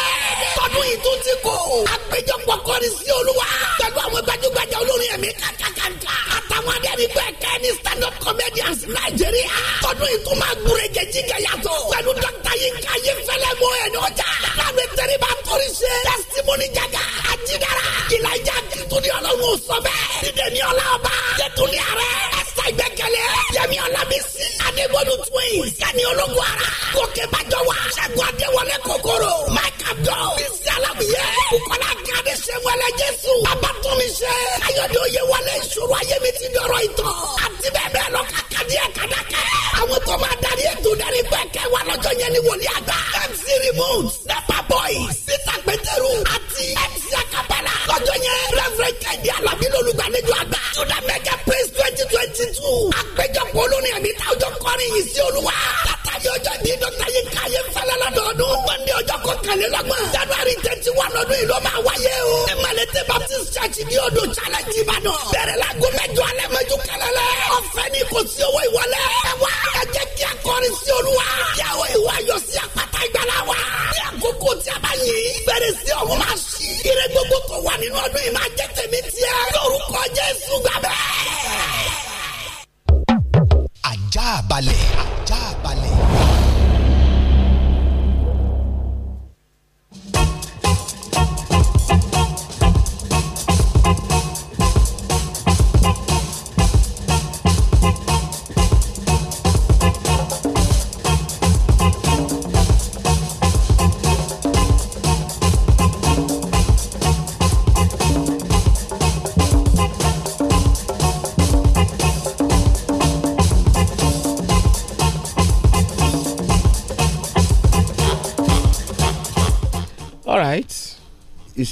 Tọdún yìí tún ti kò. Àpéjọpọ̀ kọrin sí Olúwa. Pẹ̀lú àwọn gbajúgbajà olórin ẹ̀mí kàkàkàkà. Àtàwọn adẹ́rìn bẹ́ẹ̀ kẹ́ ní stand up comedians Nàìjíríà. Tọdún yìí tún máa gúnre kejì kẹyàtọ̀. Pẹ̀lú Dr. Yinka Ayéfẹ́lẹ́ mọ ẹni ọjà. Láàrin tẹ̀rí bá kọrin ṣe. Testimony jaga. Àjidara. Ìlàjà kìtùnì ọlọ́run ò sọ bẹ́ẹ̀. Dídè ní ọlá ọba. Yẹtùnì ààrẹ. Ẹ̀sà ìgbẹ́kẹ̀lé. Yẹmi ọlábísí. Adébólú twins. Yanni ológun ara. Gòkè bàjọ́ wa. Ṣẹ́gun Adéwọlé kòkòrò. Mike Abdul. Bísí Alábìyẹ. Bukola Kade Sewele Jésù. Bàbá Tómi Ṣe. Káyọ̀dé Oyè wọlé ìṣòro ayé mi ti dọ̀rọ̀ ìtàn. Àti bẹ́ẹ̀ bẹ́ẹ̀ lọ kàkàdí ẹ̀ kàdákẹ́. Àwọn tó máa darí ètò darí gbẹ̀kẹ́ wa lọ́jọ́ yẹn ni wòlíì àgbà. MC Remote. Nepa Boy. Sita Gbẹdẹrù. Àti MC Akabala. Lọ́jọ́ yẹn. Reverend Kẹ́hìndé Alábí lolùgbàlejò àgbà. Judah Mega Praise twenty twenty two. Àpéjọpọ̀ olórin ẹ̀mí táwọn kọrin yìí sí olúwa. látàrí ọjọ́ ìbí dọ́kítà yìí ká yé fẹ́lẹ́ lọ́dọọdún. wọ́n ní ọjọ́ kọkànlélọ́gbọ̀n. january twenty one ọdún yìí ló máa wáyé o. emalete baptist church ní ọdún challenge ìbàdàn. bẹ̀rẹ̀ la gó mẹ́jọ alẹ́ mẹ́jọ kẹlẹ́lẹ́. ọ̀fẹ́ ni kò sí owó ìwọlé. ẹ wá ẹ jẹ́ kí a kọrin sí olúwa. yàwó ìwà yọ sí àpáta ìgbàlá wa. ní àkókò tí a bá yìí. bẹ̀rẹ̀ sí ọ̀hún máa ṣí. ire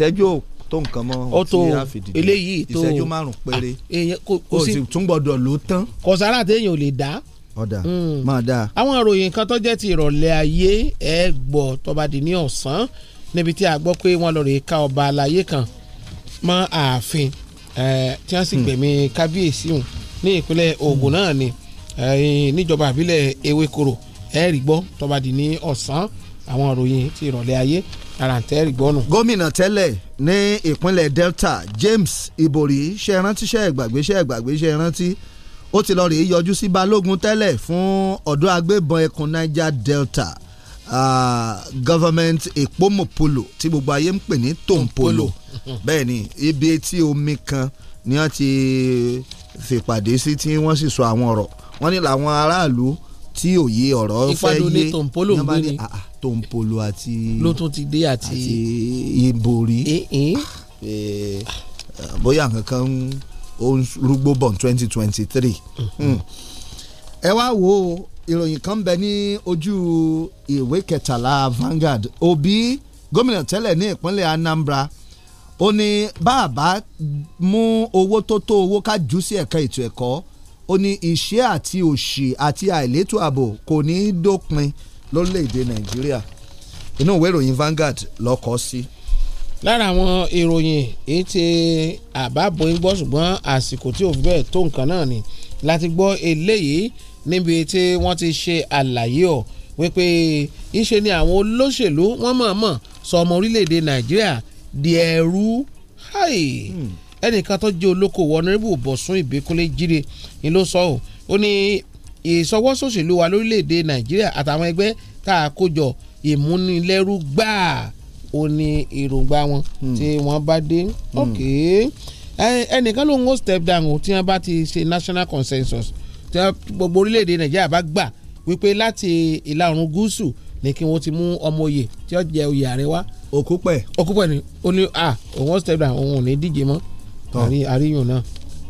ìṣẹ́jú tó nǹkan mọ́ ọtí àfìdí eléyìí tó ìṣẹ́jú márùn péré ah, kò sì tún gbọ́dọ̀ ló tán. kọ̀sára téèyàn ò lè dá. ọ̀dà hmm. máa dáa. àwọn ìròyìn kan tó jẹ́ ti ìrọ̀lẹ́ ayé ẹ gbọ́ tó bá ní ọ̀sán níbi tí a gbọ́ pé wọ́n lọ rè ka ọba aláyé kan mọ́ ààfin tí wọ́n sì hmm. gbẹ̀mí kábíyèsí òun ní ìpínlẹ̀ hmm. Ògùn náà ni níjọba àbílẹ̀ Ewékorò ẹ rí gbọ́ tó bá di ní ọ̀sán àwọn ìròyìn ti ìrọ̀lẹ́ ayé àràǹtẹ́rì gbọ́nù. gómìnà tẹ́lẹ̀ ní ìpínlẹ̀ Delta James Ibori ṣe rántí ṣe ìgbàgbé ṣe ìgbàgbé ṣe rántí ó ti lọ rèé yọjú sí Balógun tẹ́lẹ̀ fún ọ̀dọ́ agbébọn ẹkùn Niger Delta uh, government Ekpomopolo tí gbogbo ayé ń pè ní Tompolo bẹ́ẹ̀ ni ibi etí omi kan ni wọ́n ti fìpàdé sí tí wọ́n sì sọ àwọn ọ̀rọ̀ wọ́n ní làwọn aráàlú tí òye ọ̀rọ̀ fẹ́ yé ìpàdé ní Tompolo ń gbé ni. Ah, ah, Tompolo àti ló tún ti dé àti Ibori bóyá kankan ó ń rúgbó bọ̀ twenty twenty three mm-hmm. hmm. ẹ wá wo ìròyìn kan bẹ ní ojú ìwé kẹtàlá Vanguard Obi gómìnà tẹ́lẹ̀ ní ìpínlẹ̀ Anambra ó ní bàbá mú owó tó tó owó ká jù sí ẹ̀ka ètò ẹ̀kọ́ ó ní ìṣẹ́ àti òṣì àti àìlétò ààbò kò ní í dópin lórílẹ̀‐èdè nàìjíríà inú ìwé ìròyìn Vanguard ló kọ sí. lára àwọn ìròyìn èyí tí àbábọ̀ ń gbọ́ ṣùgbọ́n àsìkò tí ò fi bẹ́ẹ̀ tó nǹkan náà ni láti gbọ́ eléyìí níbi tí wọ́n ti ṣe àlàyé ọ̀ wípé ìṣe ni àwọn olóṣèlú wọ́n mọ̀ọ́mọ̀ sọ ọmọ orílẹ̀‐èdè nàìjíríà di ẹrú hmm. ẹnìkan tó jẹ́ olókoòwò ọ̀nàrẹ́bù bọ̀sùn ìbíkúnlé jíire ni ló sọ ọ́ ó ní ìsọwọ́sòṣèlú wa lórílẹ̀‐èdè nàìjíríà àtàwọn ẹgbẹ́ tá a kó jọ ìmúnilẹ́rú gbáà ó ní èròǹgbà wọn hmm. tí wọ́n bá dé. Hmm. ẹnìkan ló ń wọ́n step down o tí wọ́n bá ti ṣe national consensus tí gbogbo orílẹ̀‐èdè nàìjíríà bá gbà wípé láti ìlà oòrùn gúúsù ní kí wọ́n ti mú ọmọ oyè tí ó jẹ oyè ààrẹ òkúpẹ̀. òkúpẹ̀ ni ó ní à òun step down òun ò ní díje mọ́ àríyàn náà.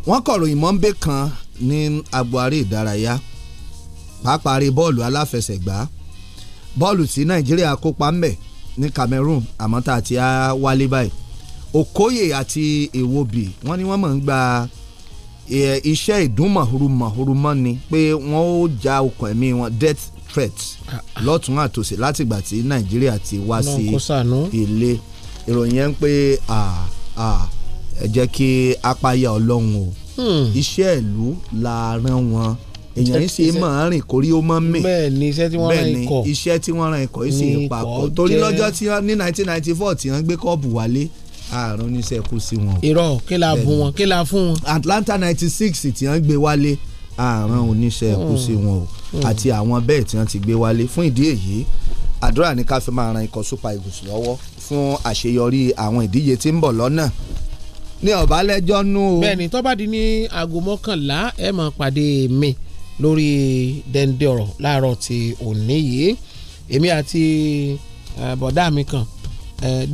wọ́n kọ̀ròyìn mọ́ńbé kan ní agbo ìdárayá pàápàá bọ́ọ̀lù aláfẹsẹ̀gbá bọ́ọ̀lù tí nàìjíríà kópa ńbẹ̀ ní Cameroon àmọ́ tá a ti wálé báyìí Okoye àti ewobi wọ́n ní wọ́n mọ̀ ń gba iṣẹ́ ìdúnmọ̀húrú mọ̀húrú mọ́ ni pé wọ́n ó ja okùn ẹ̀mí wọn death threat lọ́tún àtòsí látìgbà tí nàìjíríà ti wá sí ilé ìròyìn yẹn ń pé ẹ jẹ́ kí apáyà ọlọ́run o hmm. iṣẹ́ ìlú la rán wọn èèyàn yìí sì máa rìn kórí ó máa mì bẹ́ẹ̀ni iṣẹ́ tí wọ́n rán ikọ̀ bẹ́ẹ̀ni iṣẹ́ tí wọ́n rán ikọ̀ yìí sì ń papọ̀ torí lọ́jọ́ tí ní 1994 tí wọ́n gbé kọ́ọ̀bù wálé àrùn oníṣẹ́ kú sí wọn. irọ́ kí la bùn wọn kí la fún wọn. Atlanta 96 tí wọ́n gbé wálé àrùn oníṣẹ́ kú sí wọn o hmm. àti àwọn bẹ́ẹ̀ tí wọ́n ti gbé wálé fún ìdí èyí àdúrà ní ká fi máa ran ikọ̀ Super Eagles lọ́wọ́ fún àṣeyọrí àwọn ìdíje tí ń bọ̀ lọ́nà ní ọ̀bálẹ́jọ́ nú o. bẹ́ẹ̀ni di ní aago mọ́kànlá ẹ máa pàdé mi lórí dẹ́ndé ọ̀rọ̀ láàárọ̀ ti òní yìí èmi àti bọ̀dá mi kan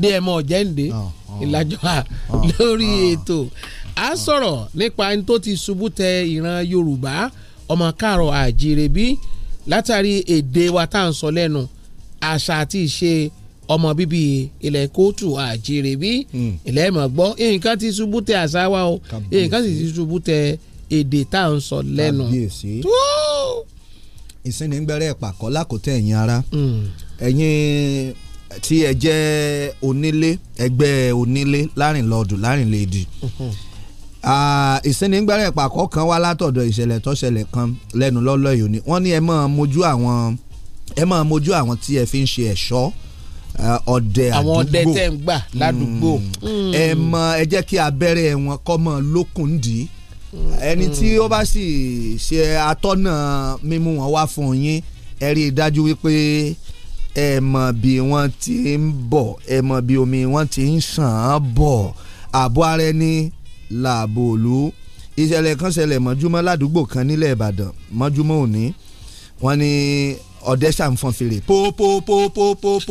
dm ọ̀jẹ̀ǹde ah, ah. ìlàjọ à ah, lórí ètò à ń sọ̀rọ̀ nípa ẹni tó ti ṣubú tẹ ìran yorùbá ọmọ káàrọ̀ àjíire bí látàrí èdè wa tá à ń sọ lẹ́nu àṣà àti ìṣe ọmọ bíbí ilẹ̀ kóòtù àjíire bí ilẹ̀ hmm. mọ̀ gbọ́ nǹkan ti ṣubú tẹ àṣà wa o nǹkan sì ti ṣubú tẹ èdè tá à ń sọ lẹ́nu. ìsinmi ń gbẹ́rẹ́ ìpàkọ́ lákòótẹ́ ẹ̀yin ara hmm. ẹ̀yin tí ẹ jẹ́ onílé ẹgbẹ́ onílé lárinlọ́ọ̀dù lárinlẹ́ẹ̀dì hmm. ìsinmi ń gbẹ́rẹ́ ìpàkọ́ kan wá látọ̀dọ̀ ìṣẹ̀lẹ̀ tó ṣẹlẹ̀ kan lẹ́nu lọ́lọ́ yìí ni wọ́n ní ẹ máa mójú àwọn ẹ máa mójú àwọn tí ẹ fi ń ṣe ẹ̀ṣọ́ ọdẹ àdúgbò àwọn ọdẹ tẹ̀ ń gbà ládùúgbò hmm. ẹ mọ ẹ jẹ́ kí abẹ́rẹ́ wọn kọ́ mọ lókùndín ẹni tí ó bá sì ṣe atọ́nà mímú wọn wá fún yín ẹ rí i dájú wípé ẹ mọ̀ bí wọ́n ti ń bọ̀ ẹ mọ̀ bí omi wọ́n ti ń ṣàn án bọ̀ àbọ̀ ara ẹni làbò òlu ìṣẹ̀lẹ̀ kan ṣẹlẹ̀ mọ́júmọ́ ládùúgbò kan nílẹ̀ Ìbàdàn mọ́júmọ́ òní wọ́n ní ọ̀dẹ́sà fèrè pópópópópó.